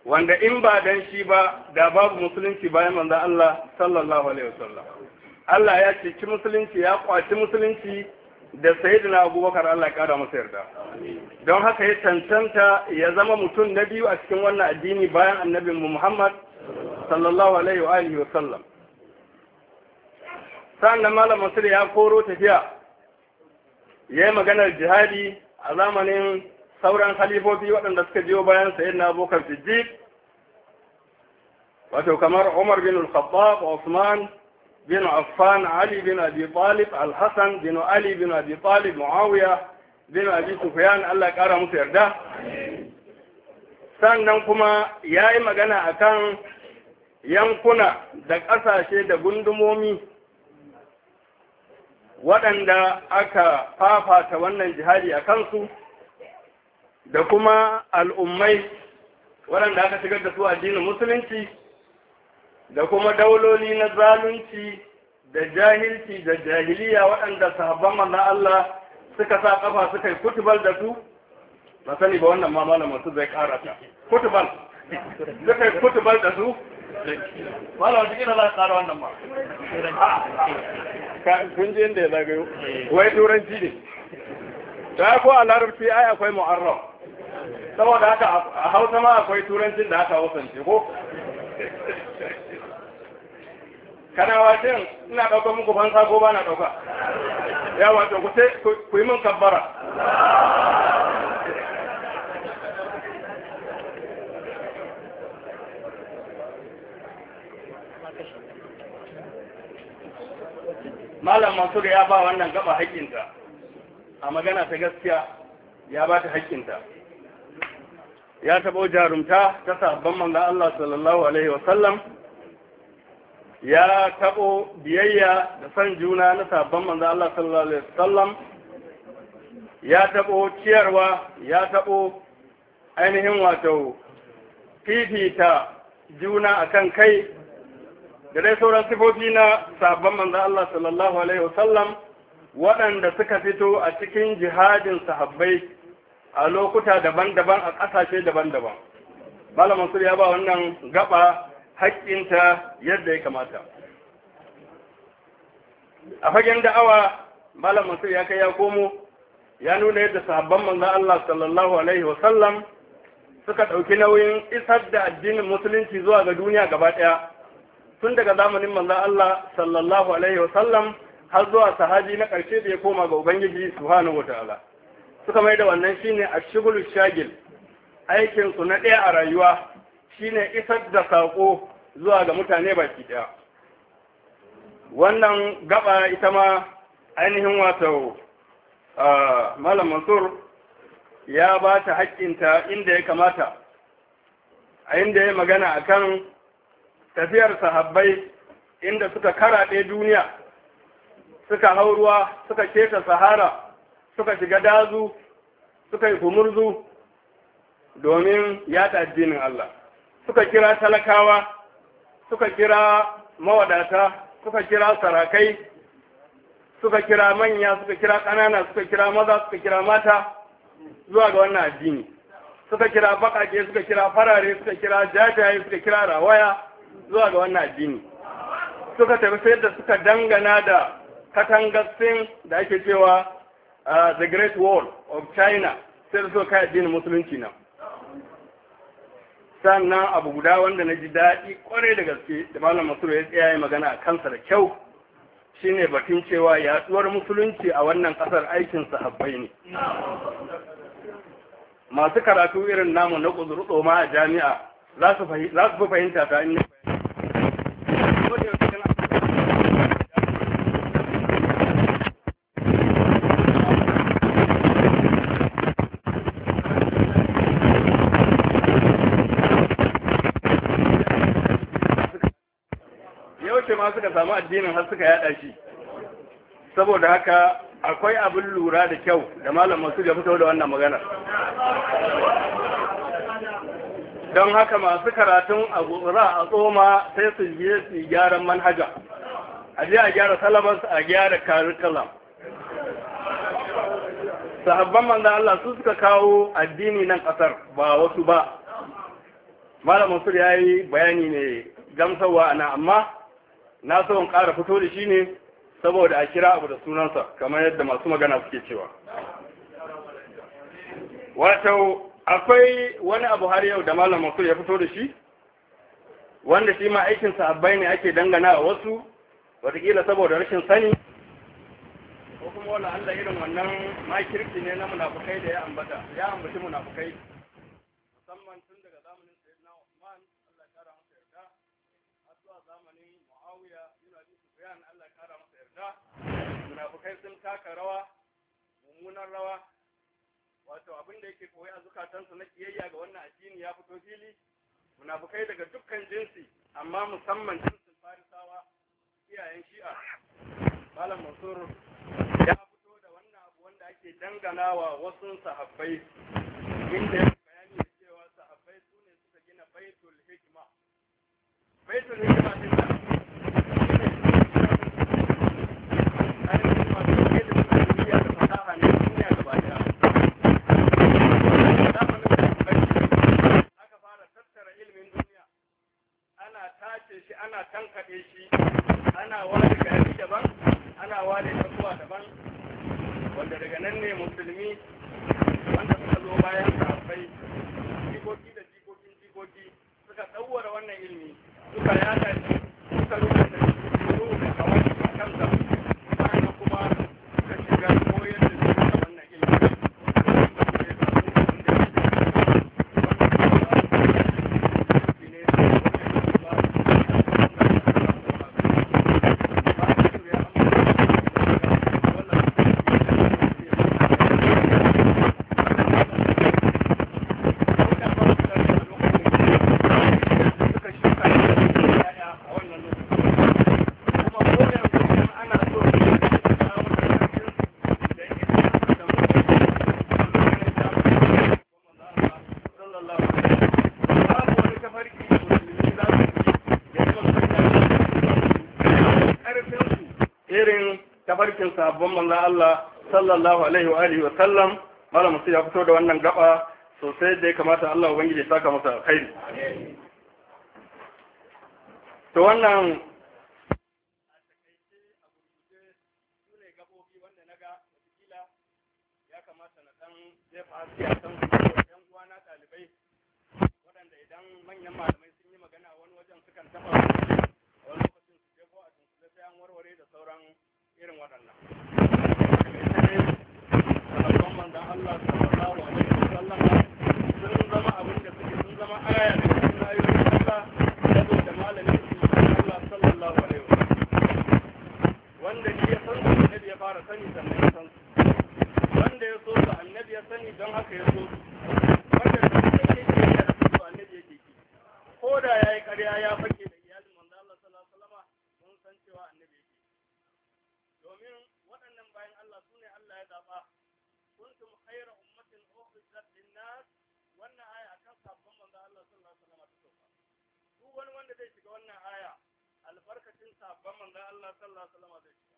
wanda in ba dan shi ba da babu musulunci bayan manzan Allah sallallahu alaihi wa sallam Allah ya ceci musulunci ya ƙwaci musulunci da sayyidina abubakar Allah ya kara masa yarda don haka ya cancanta ya zama mutum na biyu a cikin wannan addini bayan annabin Muhammad sallallahu alaihi wa alihi wa sallam sannan malam Masir ya koro tafiya ya yi maganar jihadi a zamanin sauran Khalifofi, waɗanda suka biyo bayan sayyidina abubakar siddiq wato kamar Umar bin al-Khattab Usman بن عفان علي بن أبي طالب الحسن بن علي بن أبي طالب معاوية بن أبي سفيان Allah ƙara musu yarda sannan kuma ya yi magana a kan yankuna da ƙasashe da gundumomi waɗanda aka fafata wannan jihadi a kansu da kuma al'ummai waɗanda aka shigar da su addinin musulunci da kuma dauloli na zalunci da jahilci da jahiliya waɗanda sahabban manzan Allah suka sa kafa suka yi kutubal da su ba sani ba wannan ma malama su zai ƙara ta kutubal suka yi kutubal da su malamin su ina za a ƙara wannan ma kun ji inda ya zagayo wai turanci ne ta ko a larabci ai akwai mu'arraf saboda haka a hausa ma akwai turancin da aka wasance ko kana wace ina ɗaukar muku fansa ko ba na ɗauka ya wato ku sai ku yi min kabbara malam mansur ya ba wannan gaba haƙƙinta a magana ta gaskiya ya ba ta haƙƙinta ya taɓa jarumta ta sabon manga Allah sallallahu alaihi wasallam ya taɓo biyayya da san juna na sabon manzo Allah sallallahu alaihi wasallam ya taɓo ciyarwa ya taɓo ainihin wato fifita juna akan kai da dai sauran sifofi na sabon manzo Allah sallallahu alaihi wasallam waɗanda suka fito a cikin jihadin sahabbai a lokuta daban-daban a ƙasashe daban-daban. Malamin su ya ba wannan gaba haƙƙinta yadda ya kamata a fagen da'awa malam mansur ya kai ya komo ya nuna yadda sahabban manzon Allah sallallahu alaihi wa sallam suka ɗauki nauyin isar da addinin musulunci zuwa ga duniya gaba ɗaya tun daga zamanin manza Allah sallallahu alaihi wa sallam har zuwa sahaji na karshe da ya koma ga ubangiji subhanahu wa ta'ala suka mai da wannan shine ashghulu shagil aikin su na ɗaya a rayuwa shine isar da saƙo zuwa ga mutane baki ɗaya wannan gaba ita ma ainihin wato malam mansur ya ba ta haƙƙinta inda ya kamata a inda ya magana akan tafiyar sahabbai inda suka karaɗe duniya suka hau ruwa suka keta sahara suka shiga dazu suka yi kumurzu domin yaɗa addinin Allah suka kira talakawa suka kira mawadata suka kira sarakai suka kira manya suka kira ƙanana suka kira maza suka kira mata zuwa ga wannan addini suka kira baƙaƙe suka kira farare suka kira jajaye suka kira rawaya zuwa ga wannan addini suka tafi sai da suka dangana da katangar da ake cewa the great wall of china sai da suka kai addinin musulunci nan sannan abu guda wanda na ji daɗi kwarai da gaske da malam masuru ya tsaya magana a kansa da kyau shine batun cewa yaɗuwar musulunci a wannan ƙasar aikin sahabbai ne masu karatu irin namu na ƙuzurɗo ma a jami'a za su fahimta ta inda suka samu addinin har suka yada shi saboda haka akwai abin lura da kyau da malam masu ga fito da wannan magana don haka masu karatun a gura a tsoma sai su je su gyaran manhaja a je a gyara salamansu a gyara curriculum sahabban manzan Allah su suka kawo addini nan kasar ba wasu ba malam mansur ya yi bayani ne gamsarwa ana amma na so in ƙara fito da shi ne saboda a kira abu da sunansa kamar yadda masu magana suke cewa wato akwai wani abu har yau da malam masu ya fito da shi wanda shi ma aikin sahabbai ne ake dangana a wasu watakila saboda rashin sani ko kuma wani Allah irin wannan makirki ne na munafukai da ya ambata ya ambaci munafukai taka rawa mummunan rawa wato abin da yake koyi a zukatansa na kiyayya ga wannan addini ya fito fili munafukai daga dukkan jinsi amma musamman jinsin farisawa iyayen shi'a malam mansur ya fito da wannan abu wanda ake dangana wa wasu sahabbai inda ya bayani da cewa sahabbai su ne suka gina baitul hikma baitul hikma din ici. barkin sabon manzo Allah sallallahu alaihi wa alihi wa sallam malam sai ya fito da wannan gaba sosai da ya kamata Allah ubangiji ya saka masa alkhairi to wannan ya kamata na dan zai fa'asi a kan irin waɗannan sahabban manzon Allah zama da suke sun zama aya da cikin ayoyin Allah saboda malamin Allah wanda ya san su annabi ya fara sani wanda ya ya sani don haka ya ko da yayi karya ya fake wani wanda zai shiga wannan aya albarkacin sabon manzon Allah sallallahu alaihi wasallam zai shiga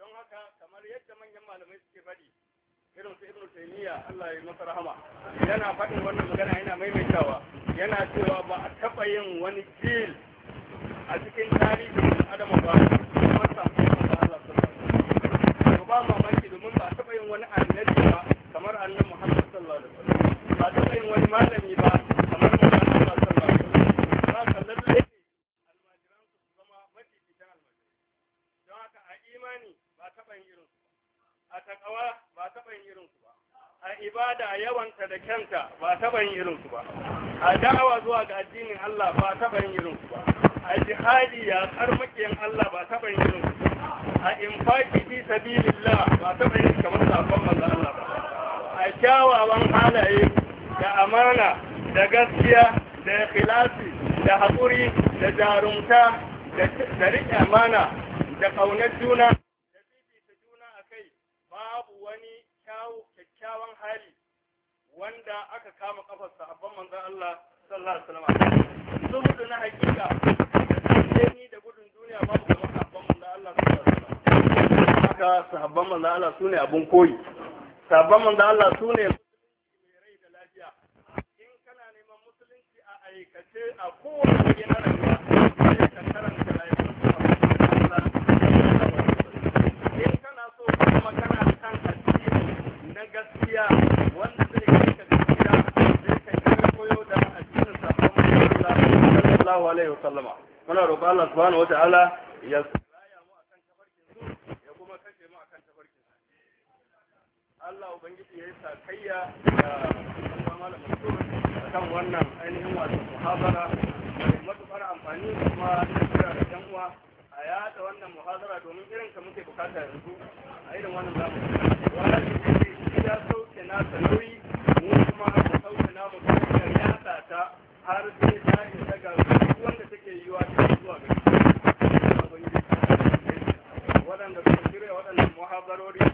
don haka kamar yadda manyan malamai suke faɗi irin su Ibn Taymiyyah Allah ya masa rahama yana faɗin wannan magana yana maimaitawa yana cewa ba a taɓa yin wani jil a cikin tarihin adam ba kamar sabon manzon Allah sallallahu alaihi wasallam ba mamaki domin ba a taɓa yin wani annabi ba kamar annabi Muhammad sallallahu alaihi wasallam ba a taɓa yin wani malami ba imani ba taɓa yin irinsu ba a taƙawa ba taɓa yin irinsu ba a ibada yawanta da kyanta ba taɓa yin irinsu ba a da'awa zuwa ga addinin Allah ba taɓa yin irinsu ba a jihadi ya karmakiyan Allah ba taɓa yin irinsu ba a infaki fi sabilillah ba taɓa yin kamar sabon manzon Allah ba a kyawawan halaye da amana da gaskiya da ikhlasi da haƙuri da jarumta da riƙe amana da ƙaunar juna kyakkyawan hali wanda aka kama kafar sahabban manzon Allah sallallahu alaihi wasallam sun mutu na hakika sai ni da gudun duniya babu kamar sahabban manzon Allah sallallahu alaihi wasallam haka sahabban manzon Allah sune abun koyi Allah sune aikace a kowane gina rayuwa sai tarbiyya wanda zai kai ka gida zai kai ka koyo da addinin sabon Allah sallallahu alaihi wasallama muna roƙon Allah subhanahu wataala ya tsaya mu akan tabarkin su ya kuma kashe mu akan tabarkin Allah ubangiji ya yi sakayya da Allah malam Mansur akan wannan ainihin wato muhabara mai matukar amfani kuma na kira da yan uwa a yada wannan muhazara domin irin ka muke bukata yanzu a irin wannan zamu wani ya sauke nasa nauyi mu kuma aka sauke namu ta hanyar yatsa ta har sai ta isa ga wanda take yiwa ta zuwa ga waɗanda suka shirya waɗannan muhabarori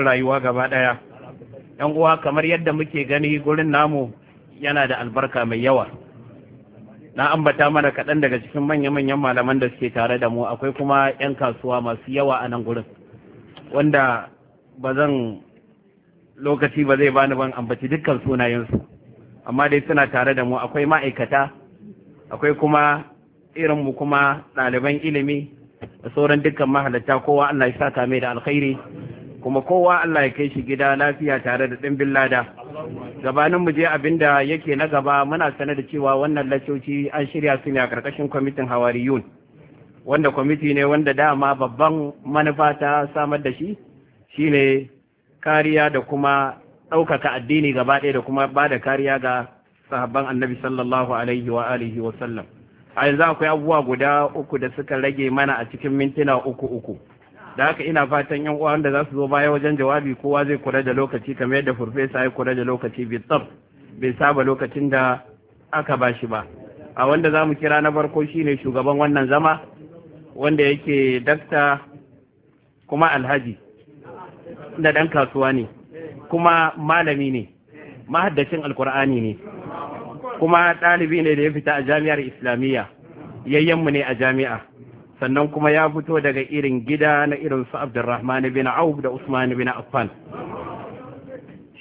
al'amuran rayuwa gaba ɗaya yan uwa kamar yadda muke gani gurin namu yana da albarka mai yawa na ambata mana kaɗan daga cikin manya-manyan malaman da suke tare da mu akwai kuma 'yan kasuwa masu yawa a nan gurin wanda ba zan lokaci ba zai bani ban ambaci dukkan sunayensu amma dai suna tare da mu akwai ma'aikata akwai kuma irinmu kuma ɗaliban ilimi da sauran dukkan mahalarta kowa Allah ya saka mai da alkhairi kuma kowa Allah ya kai shi gida lafiya tare da ɗimbin lada gabanin mu je abinda yake na gaba muna sanar da cewa wannan lacoci an shirya su ne a karkashin kwamitin hawariyun wanda kwamiti ne wanda dama babban manufa ta samar da shi shine kariya da kuma ɗaukaka addini gaba ɗaya da kuma ba da kariya ga sahabban annabi sallallahu alaihi wa alihi wa sallam a yanzu akwai abubuwa guda uku da suka rage mana a cikin mintuna uku uku da haka ina fatan yan uwa da za su zo baya wajen jawabi kowa zai kula da lokaci kamar yadda farfesa ya kula da lokaci bi tsab bai saba lokacin da aka bashi ba a wanda za mu kira na farko shine shugaban wannan zama wanda yake dakta kuma alhaji da dan kasuwa ne kuma malami ne mahaddacin alkur'ani ne kuma ɗalibi ne da ya fita a jami'ar islamiyya yayyanmu ne a jami'a sannan kuma ya fito daga irin gida na irin su Abdurrahman bin Auf da Usman bin Affan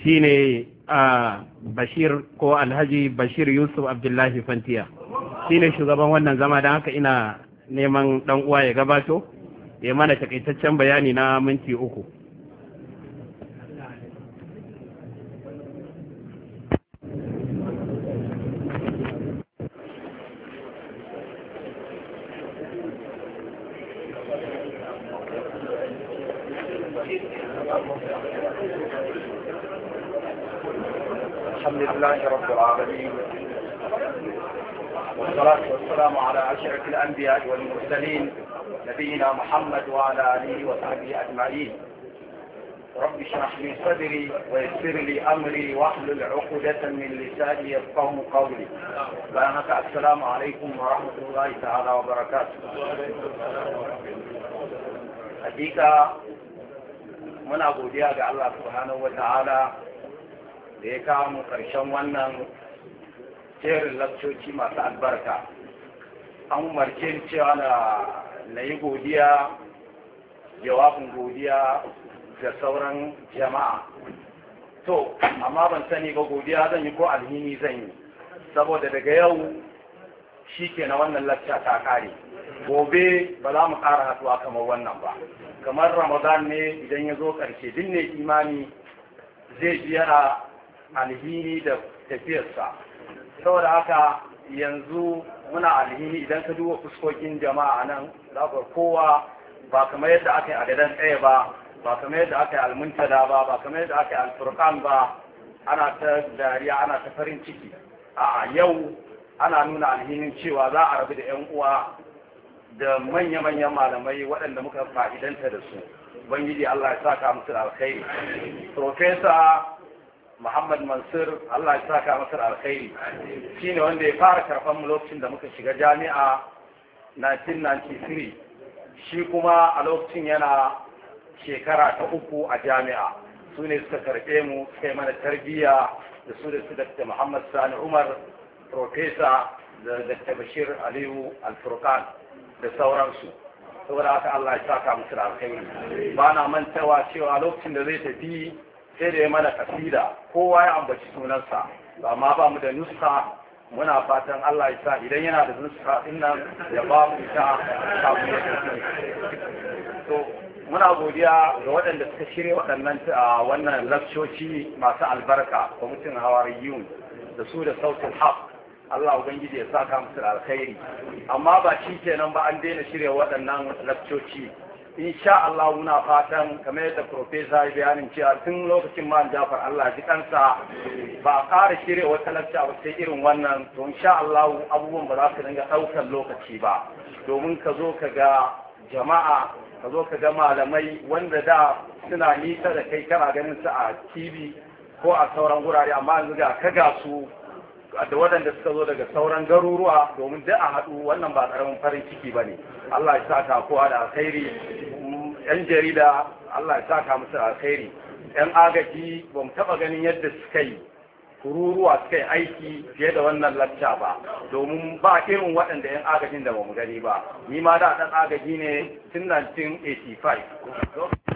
shine a Bashir ko Alhaji Bashir Yusuf Abdullahi Fantiya shi ne shugaban wannan zama don haka ina neman dan uwa ya gabato ya mana takaitaccen bayani na minti uku أشرف الأنبياء والمرسلين نبينا محمد وعلى آله وصحبه أجمعين رب اشرح لي صدري ويسر لي أمري واحلل عقدة من لساني يفقه قولي بأنك السلام عليكم ورحمة الله تعالى وبركاته حقيقة من أبو دياب الله سبحانه وتعالى ليكا مقرشا وأنا سير ƙarshen wannan ما lakcoci an umarce cewa na yi godiya jawabin godiya ga sauran jama'a to amma ban sani ba godiya zan yi ko alhini zan yi saboda daga yau shi ke na wannan lacca ta kare gobe ba za mu ƙara hatuwa kamar wannan ba kamar ramadan ne idan ya zo ƙarshe duk ne imani zai biya alhini da tafiyarsa saboda haka yanzu muna alhini idan ka duba fuskokin jama'a nan zaɓar kowa ba kamar yadda aka yi a gadon ɗaya ba ba kamar yadda aka yi almuntada ba ba kamar yadda aka yi alfurkan ba ana ta dariya ana ta farin ciki a yau ana nuna alhinin cewa za a rabu da 'yan uwa da manya-manyan malamai waɗanda muka fa'idanta da su ubangiji allah ya saka musu da alkhairi profesa Muhammad Mansur Allah ya saka masa alkhairi shine wanda ya fara karfan mu lokacin da muka shiga jami'a 1993 shi kuma a lokacin yana shekara ta uku a jami'a sune suka karɓe mu kai mana tarbiyya da su da su da Muhammad Sani Umar Profesa da Dr. Bashir Aliyu Alfurkan da sauransu saboda haka Allah ya saka musu alkhairi ba na mantawa cewa lokacin da zai tafi sai da ya mana kasida kowa ya ambaci sunansa amma ba mu da nuska muna fatan Allah ya sa idan yana da nuska dinnan ya ba mu ita kafin ya to muna godiya ga waɗanda suka shirya waɗannan wannan lakcoci masu albarka kwamitin hawariyun da su da sautin haf, Allah Ubangiji ya sa ka musu alkhairi amma ba shi kenan ba an daina shirya waɗannan lakcoci in insha Allah muna fatan kamar yadda profesa ya bayanin cewa tun lokacin man Jafar Allah ji kansa ba ƙara shirya wata lacca ba sai irin wannan to insha Allah abubuwan ba za su dinga ɗaukar lokaci ba domin ka zo ka ga jama'a ka zo ka ga malamai wanda da suna nisa da kai kana ganin su a TV ko a sauran gurare amma yanzu ga ka ga su da waɗanda suka zo daga sauran garuruwa domin duk a haɗu wannan ba ƙaramin farin ciki ba ne Allah ya saka kowa da alkhairi yan jarida Allah ya saka musu alkhairi yan agaji ba mu taɓa ganin yadda suka yi kururuwa suka yi aiki fiye da wannan lacca ba domin ba irin waɗanda yan agajin da ba mu gani ba ni ma da ɗan agaji ne tun 1985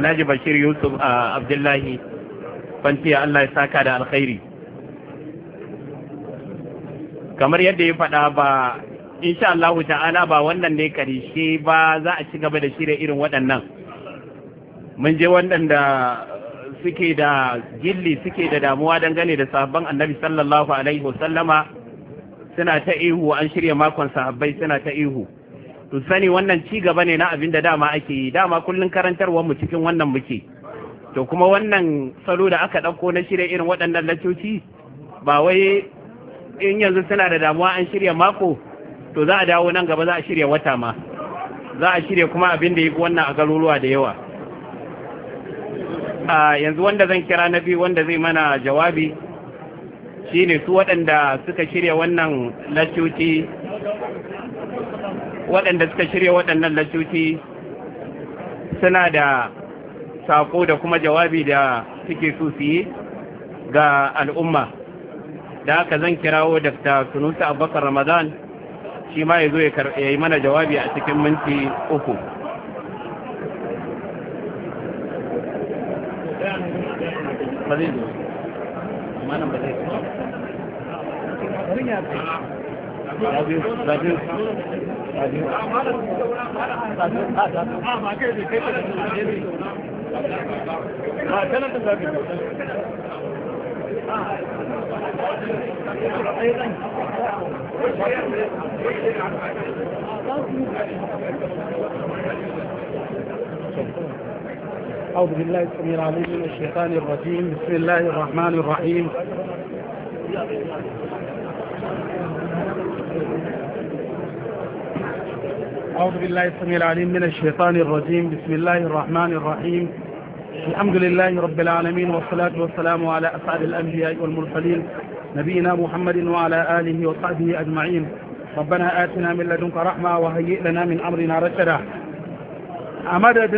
alhaji bashir yusuf a abdullahi kwanciya allah ya saka da alkhairi kamar yadda ya faɗa ba insha Allah ta'ala ba wannan ne karshe ba za a ci gaba da shirya irin waɗannan mun je waɗanda suke da gilli suke da damuwa gane da sahabban annabi sallallahu alaihi wasallama suna ta ihu an shirya makon sahabbai suna ta ihu to sani wannan ci gaba ne na abin da dama ake yi dama kullun karantarwar mu cikin wannan muke to kuma wannan salo da aka ɗauko na shirya irin waɗannan lacoci ba wai in yanzu suna da damuwa an shirya mako to za a dawo nan gaba za a shirya wata ma za a shirya kuma abin da ya fi wannan a garuruwa da yawa a yanzu wanda zan kira na biyu wanda zai mana jawabi shine su waɗanda suka shirya wannan lacoci waɗanda suka shirya waɗannan lashuti suna da saƙo da kuma jawabi da suke so su yi ga al'umma da haka zan kirawo ta sunusa abubakar ramadan shi ma ya zo ya yi mana jawabi a cikin minti uku Thank you. أعوذ بالله السميع العليم من الشيطان الرجيم بسم الله الرحمن الرحيم أعوذ بالله السميع العليم من الشيطان الرجيم بسم الله الرحمن الرحيم الحمد لله رب العالمين والصلاة والسلام على أسعد الأنبياء والمرسلين نبينا محمد وعلى آله وصحبه أجمعين ربنا آتنا من لدنك رحمة وهيئ لنا من أمرنا رشدا أمدد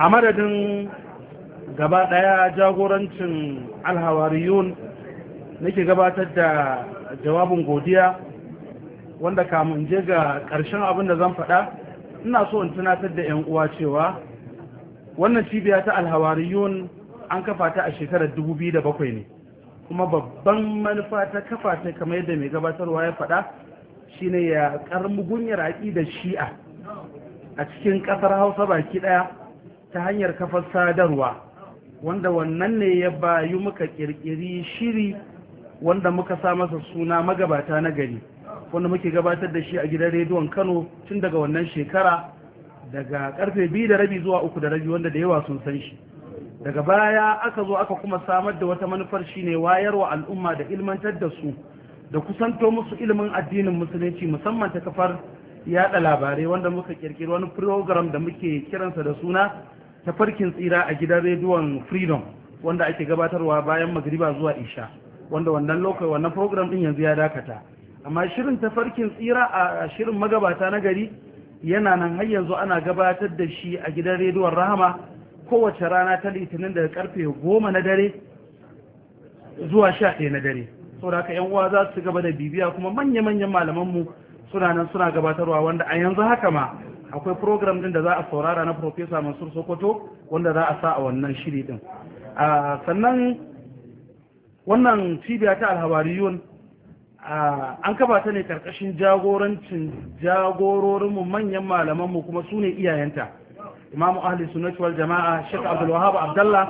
أمدد قباء يا جاغورا الهواريون نكي قباء تدى جواب قوديا wanda kamun je ga ƙarshen abin da zan faɗa ina so in tunatar da 'yan uwa cewa wannan cibiya ta alhawariyun an kafa ta a shekarar 2007 ne kuma babban manufa ta kafa ta kamar yadda mai gabatarwa ya faɗa shine ya aƙi da shi'a a cikin ƙasar hausa baki ɗaya ta hanyar kafar sadarwa wanda wannan ne ya bayu muka ƙirƙiri shiri wanda muka sa masa suna magabata na gari wanda muke gabatar da shi a gidan rediyon kano tun daga wannan shekara daga karfe biyu da rabi zuwa uku da rabi wanda da yawa sun san shi daga baya aka zo aka kuma samar da wata manufar shine wayarwa al'umma da ilmantar da su da kusanto musu ilimin addinin musulunci musamman ta kafar yada labarai wanda muka kirkiri wani program da muke kiransa da suna tafarkin tsira a gidan rediyon freedom wanda ake gabatarwa bayan magriba zuwa isha wanda wannan lokacin wannan program din yanzu ya dakata amma shirin tafarkin tsira a shirin magabata na gari yana nan har yanzu ana gabatar da shi a gidan rediyon rahama kowace rana ta litinin daga karfe goma na dare zuwa sha ɗaya na dare saboda haka yan uwa za su gaba da bibiya kuma manya-manyan malamanmu suna nan suna gabatarwa wanda a yanzu haka ma akwai program din da za a saurara na Profesa Mansur Sokoto wanda za a sa a wannan shiri din sannan wannan cibiya ta alhawariyun an kafa ta ne karkashin jagorancin jagororinmu manyan malaman mu kuma sune iyayenta Imam ahli sunnati wal jama'a shek abdul wahab abdallah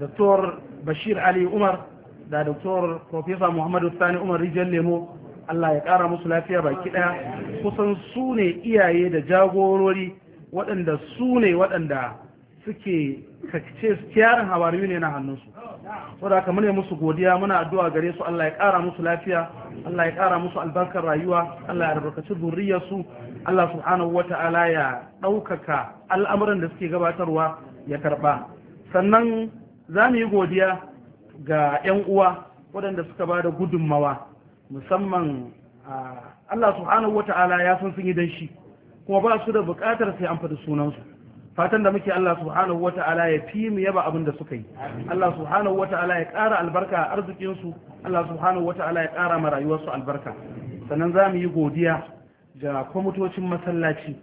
doktor bashir ali umar da doktor professor muhammadu sani umar rijiyar lemo allah ya kara musu lafiya baki daya kusan sune iyaye da jagorori waɗanda sune ne waɗanda suke kace su hawariyu ne na hannunsu wadda aka mune musu godiya muna addu'a gare su Allah ya kara musu lafiya Allah ya ƙara musu albarkar rayuwa Allah ya albarkaci zurriyarsu Allah subhanahu wata'ala ya ɗaukaka al'amuran da suke gabatarwa ya karɓa sannan za mu yi godiya ga 'yan uwa waɗanda suka ba da gudunmawa musamman Allah subhanahu wata'ala ya san sun yi danshi kuma ba su da buƙatar sai an faɗi sunansu fatan da muke Allah subhanahu wata'ala ya fi mu yaba abin da suka yi Allah subhanahu wata'ala ya ƙara albarka a arzikinsu. su Allah subhanahu wata'ala ya ƙara ma rayuwar albarka sannan za mu yi godiya ga kwamitocin masallaci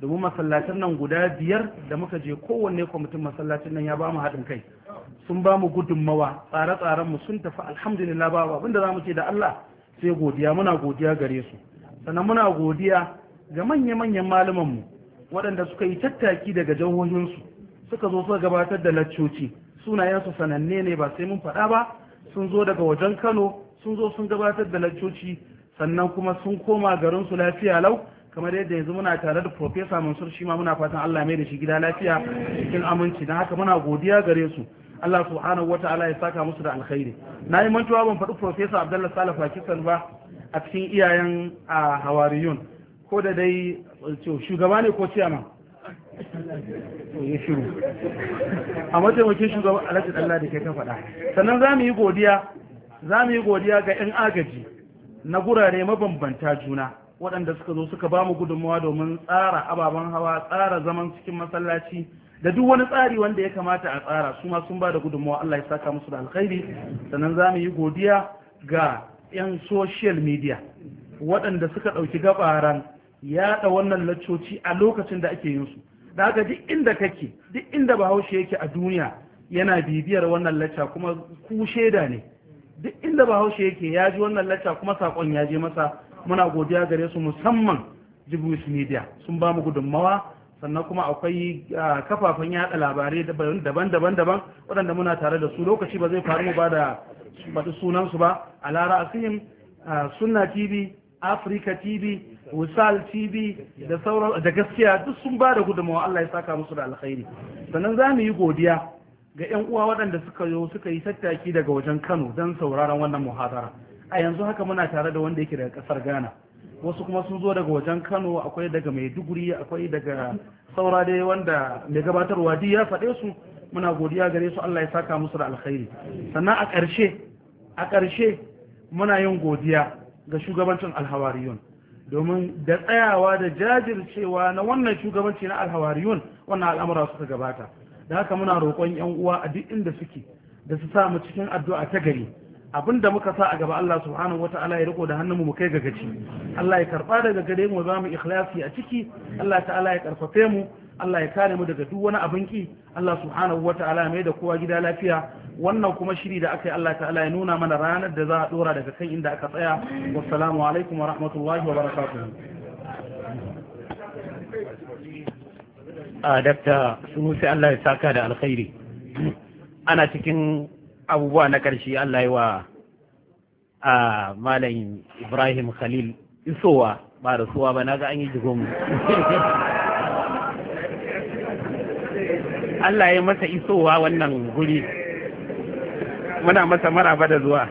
domin masallacin nan guda biyar da muka je kowanne kwamitin masallacin nan ya ba mu haɗin kai sun ba mu gudunmawa tsare-tsaren mu sun tafi alhamdulillah ba abin da za mu ce da Allah sai godiya muna godiya gare su sannan muna godiya ga manya-manyan malaman mu waɗanda suka yi tattaki daga jahohinsu suka zo suka gabatar da laccoci sunayensu sananne ne ba sai mun faɗa ba sun zo daga wajen kano sun zo sun gabatar da laccoci sannan kuma sun koma garinsu lafiya lau kamar yadda yanzu muna tare da profesa mansur shi ma muna fatan allah mai da shi gida lafiya cikin aminci don haka muna godiya gare su allah subhanahu wa ta'ala ya saka musu da alkhairi na yi mantuwa ban faɗi profesa abdullah salih pakistan ba a cikin iyayen a hawariyun ko da dai shugaba ne ko ciyama ya shiru a mataimakin shugaba alhaji Allah da ke ka faɗa sannan za mu yi godiya za mu yi godiya ga 'yan agaji na gurare mabambanta juna waɗanda suka zo suka ba mu gudunmawa domin tsara ababen hawa tsara zaman cikin masallaci da duk wani tsari wanda ya kamata a tsara su ma sun ba da gudunmawa Allah ya saka musu da alkhairi sannan za mu yi godiya ga 'yan social media waɗanda suka ɗauki gabaran yaɗa wannan laccoci a lokacin da ake yin su da haka duk inda kake duk inda bahaushe yake a duniya yana bibiyar wannan lacca kuma ku shaida ne duk inda bahaushe yake ya ji wannan lacca kuma sakon ya je masa muna godiya gare su musamman jibus media sun ba mu gudunmawa sannan kuma akwai kafafen yada labarai daban-daban daban waɗanda muna tare da su lokaci ba zai faru mu ba da faɗi sunansu ba a lara asihim sunna tv africa tv wisal tv da sauran da gaskiya duk sun ba da gudunmawa Allah ya saka musu da alkhairi sannan za mu yi godiya ga 'yan uwa waɗanda suka yi suka yi tattaki daga wajen Kano don sauraron wannan muhadara a yanzu haka muna tare da wanda yake daga ƙasar Ghana wasu kuma sun zo daga wajen Kano akwai daga Maiduguri akwai daga saura dai wanda mai gabatarwa duk ya faɗe su muna godiya gare su Allah ya saka musu da alkhairi sannan a ƙarshe a ƙarshe muna yin godiya ga shugabancin alhawariyun domin da tsayawa da jajircewa na wannan shugabanci na alhawariyun wannan al'amura suka gabata da haka muna roƙon yan uwa a duk inda suke da su samu cikin addu'a ta gari abin da muka sa a gaba Allah subhanahu wa ta'ala ya riko da hannun mu kai ga gaci Allah ya karba daga gare mu zamu ikhlasi a ciki Allah ta'ala ya karfafe mu Allah ya kare mu daga duk wani abin ki Allah subhanahu wa ta'ala mai da kowa gida lafiya wannan kuma shiri da aka yi Allah ta'ala ya nuna mana ranar da za a dora daga kan inda aka tsaya wassalamu alaikum wa rahmatullahi wa barakatuhu Adabta sun sunusi Allah ya saka da alkhairi ana cikin abubuwa na karshe Allah ya wa a malam Ibrahim Khalil isowa ba da suwa ba naga an yi jigon Allah ya masa isowa wannan guri muna masa maraba da zuwa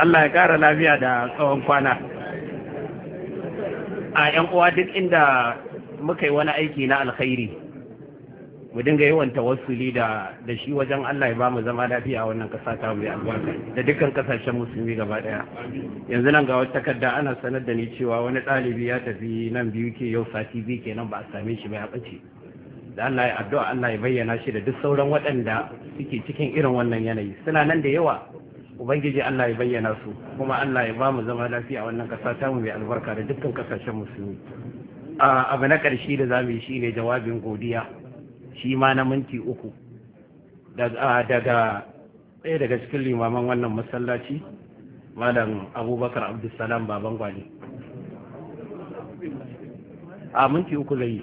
Allah ya kara lafiya da tsawon kwana a yan uwa duk inda muka yi wani aiki na alkhairi mu dinga yawan tawassuli da da shi wajen Allah ya ba mu zama lafiya a wannan kasa ta mu albarka da dukkan kasashen musulmi gaba daya yanzu nan ga wata takarda ana sanar da ni cewa wani ɗalibi ya tafi nan biyu ke yau sati biyu kenan ba a same shi ba ya ɓace da Allah ya addu'a Allah ya bayyana shi da duk sauran waɗanda suke cikin irin wannan yanayi suna nan da yawa ubangiji Allah ya bayyana su kuma Allah ya ba mu zama lafiya wannan ƙasa ta mu mai albarka da dukkan ƙasashen musulmi abu na ƙarshe da za mu yi shine jawabin godiya shi ma na minti uku daga ɗaya daga cikin limaman wannan masallaci malam abubakar abdulsalam baban gwani a minti uku zai yi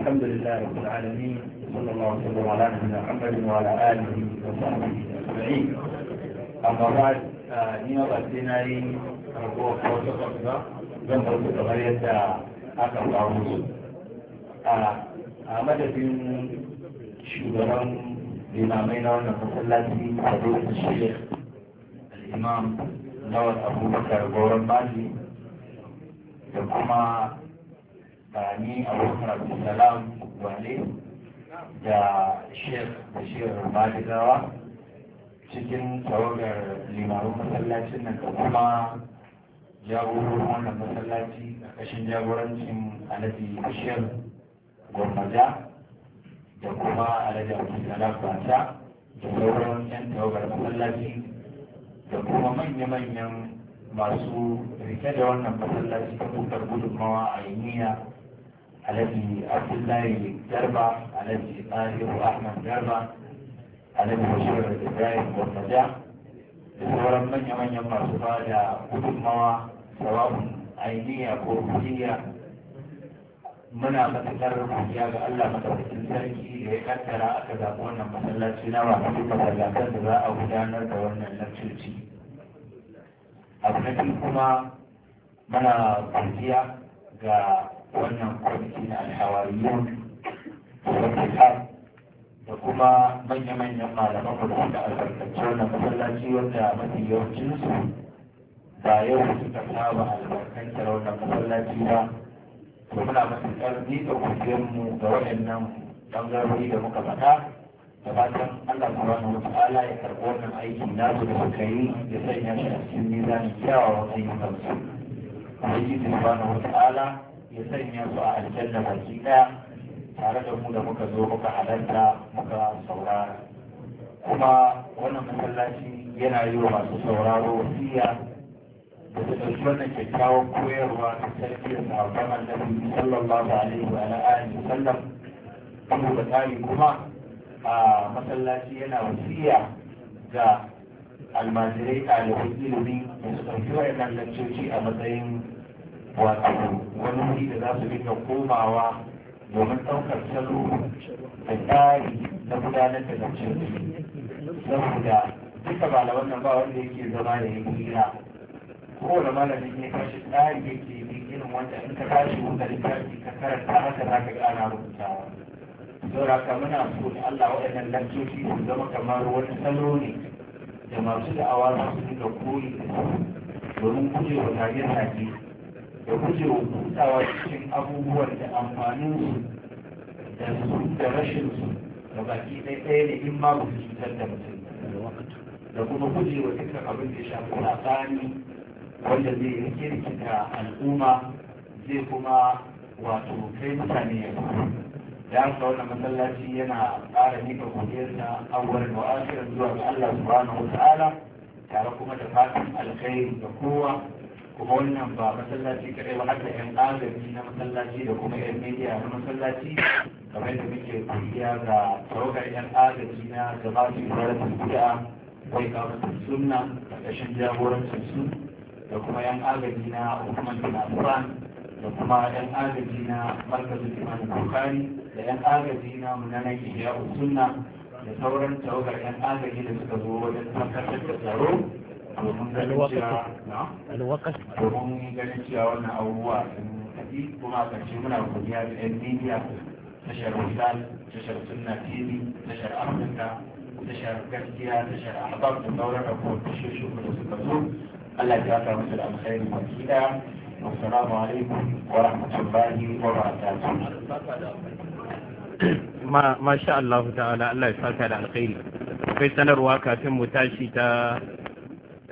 الحمد لله رب العالمين صلى الله وسلم على نبينا محمد وعلى اله وصحبه اجمعين اما بعد نيما بدناي ربو فوتو لما مينا ونفصلاتي حضور الشيخ الإمام نوت أبو بكر غورمالي ثم ba ni abubakar Salam wale da shek bashir maligawa cikin tawagar limarun masallacin nan da kuma jagororin wannan masallaci a kashin jagorancin alaji shir gwamnata da kuma alhaji abdulsalam bata da sauran 'yan tawagar masallaci da kuma manya-manyan masu rike da wannan masallaci ta kutar gudunmawa a yaniya alhaji abdullahi garba alhaji tahiru ahmad garba alhaji bashir ibrahim gwamnaja da sauran manya-manyan masu ba da gudunmawa sababin ainiya ko kuriya muna matuƙar godiya ga Allah madaukakin sarki da ya kaddara aka zaɓi wannan masallaci na masu masallatan da za a gudanar da wannan lakcoci abu na kuma muna godiya ga wannan kwamiti na alhawariyun da da kuma manya-manyan malaman da suka albarkaci wanda masallaci wanda mafi yawancinsu ba yau suka saba albarkantar wannan masallaci ba to muna matuƙar miƙa kujermu ga waɗannan ɓangarori da muka faɗa da fatan Allah na wasu ala ya karɓi wannan aiki su da suka yi ya sanya shi a cikin mizanin kyawawan ayyukansu. Ubangiji subhanahu ya sanya su a aljanna baki ɗaya tare da mu da muka zo muka halarta muka saurara kuma wannan masallaci yana yi wa masu sauraro wasiya da su ɗauki wannan kyakkyawan koyarwa ta tarbiyyar sahabban annabi sallallahu alaihi wa alihi wa sallam kuma da kuma a masallaci yana wasiya ga almajirai ɗalibin ilimi da su ɗauki wa'annan lantarki a matsayin wato wani wuri da za su dinga komawa domin ɗaukar salo da tsari na gudanar da lantarki saboda duka malaman wannan ba wanda yake zama da ya hira kowane malamin ne kashi tsari yake yi irin wanda in ka tashi wanda littafi ka karanta haka za ka gana rubutawa saboda ka muna so da Allah waɗannan lantarki su zama kamar wani salo ne da masu da'awa za su dinga koyi domin gujewa tarihin hadisi da guje wa cikin abubuwan da amfanin su da su da rashin su da baki ɗaya ɗaya ne in ma mutu cutar da mutum da kuma guje wa dukkan abin da ya shafi labari wanda zai rike rikita al'umma zai kuma wato kai mutane ya da haka wannan masallaci yana ƙara nika godiyarsa awwal wa akhiran zuwa ga Allah subhanahu wa ta'ala tare kuma da fatan alkhairi ga kowa kuma wannan ba masallaci kaɗai ba haka yan agaji na masallaci da kuma yan media na masallaci kamar da muke kuriya ga tawagar yan agaji na su gabatin gwamnatin kuda kai kafin sunna ƙarƙashin jagorancin su da kuma yan agaji na hukumar tunanuran da kuma yan agaji na markazin imanin bukari da yan agaji na munanan iya sunna da sauran tawagar yan agaji da suka zo wajen tabbatar da tsaro alwakas domin ganin cewa wannan abubuwa sun tafi kuma a ƙarshe muna godiya da yan media tashar misal tashar sunna tv tashar amurka tashar gaskiya tashar ahbab da sauran rabuwar tashoshin da suka zo allah ya kawo musu da alkhairi baki daya والسلام عليكم ورحمة الله وبركاته ما ما شاء الله تعالى الله يسعدك على الخير في سنة رواكة في متاشي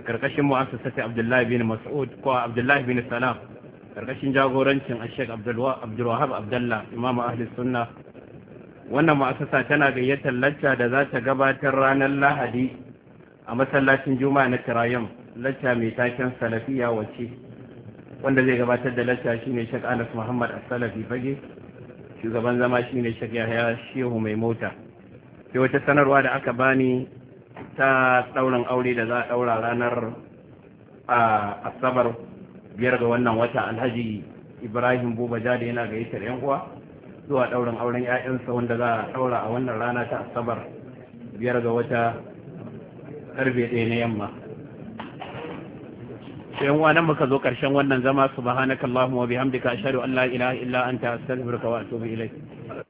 karkashin mu'assasati Abdullahi bin Mas'ud ko Abdullahi bin Salam karkashin jagorancin Sheikh Abdul Wahab Abdullah Imam Ahli Sunna wannan mu'assasa tana gayyatar lacca da za ta gabatar ranar Lahadi a masallacin Juma'a na Tirayum lacca mai taken Salafiya wace wanda zai gabatar da lacca shine Sheikh Anas Muhammad As-Salafi Fage shugaban zama shine Sheikh Yahya Shehu Mai Mota sai wata sanarwa da aka bani ta ɗaurin aure da za a daura ranar a asabar biyar ga wannan wata alhaji ibrahim buba jada yana gayyatar yan uwa zuwa ɗaurin auren 'ya'yansa wanda za a daura a wannan rana ta asabar biyar ga wata karfe ɗaya na yamma yan uwa nan muka zo karshen wannan zama subhanakallahumma wa bihamdika ashhadu an la ilaha illa anta astaghfiruka wa atubu ilayk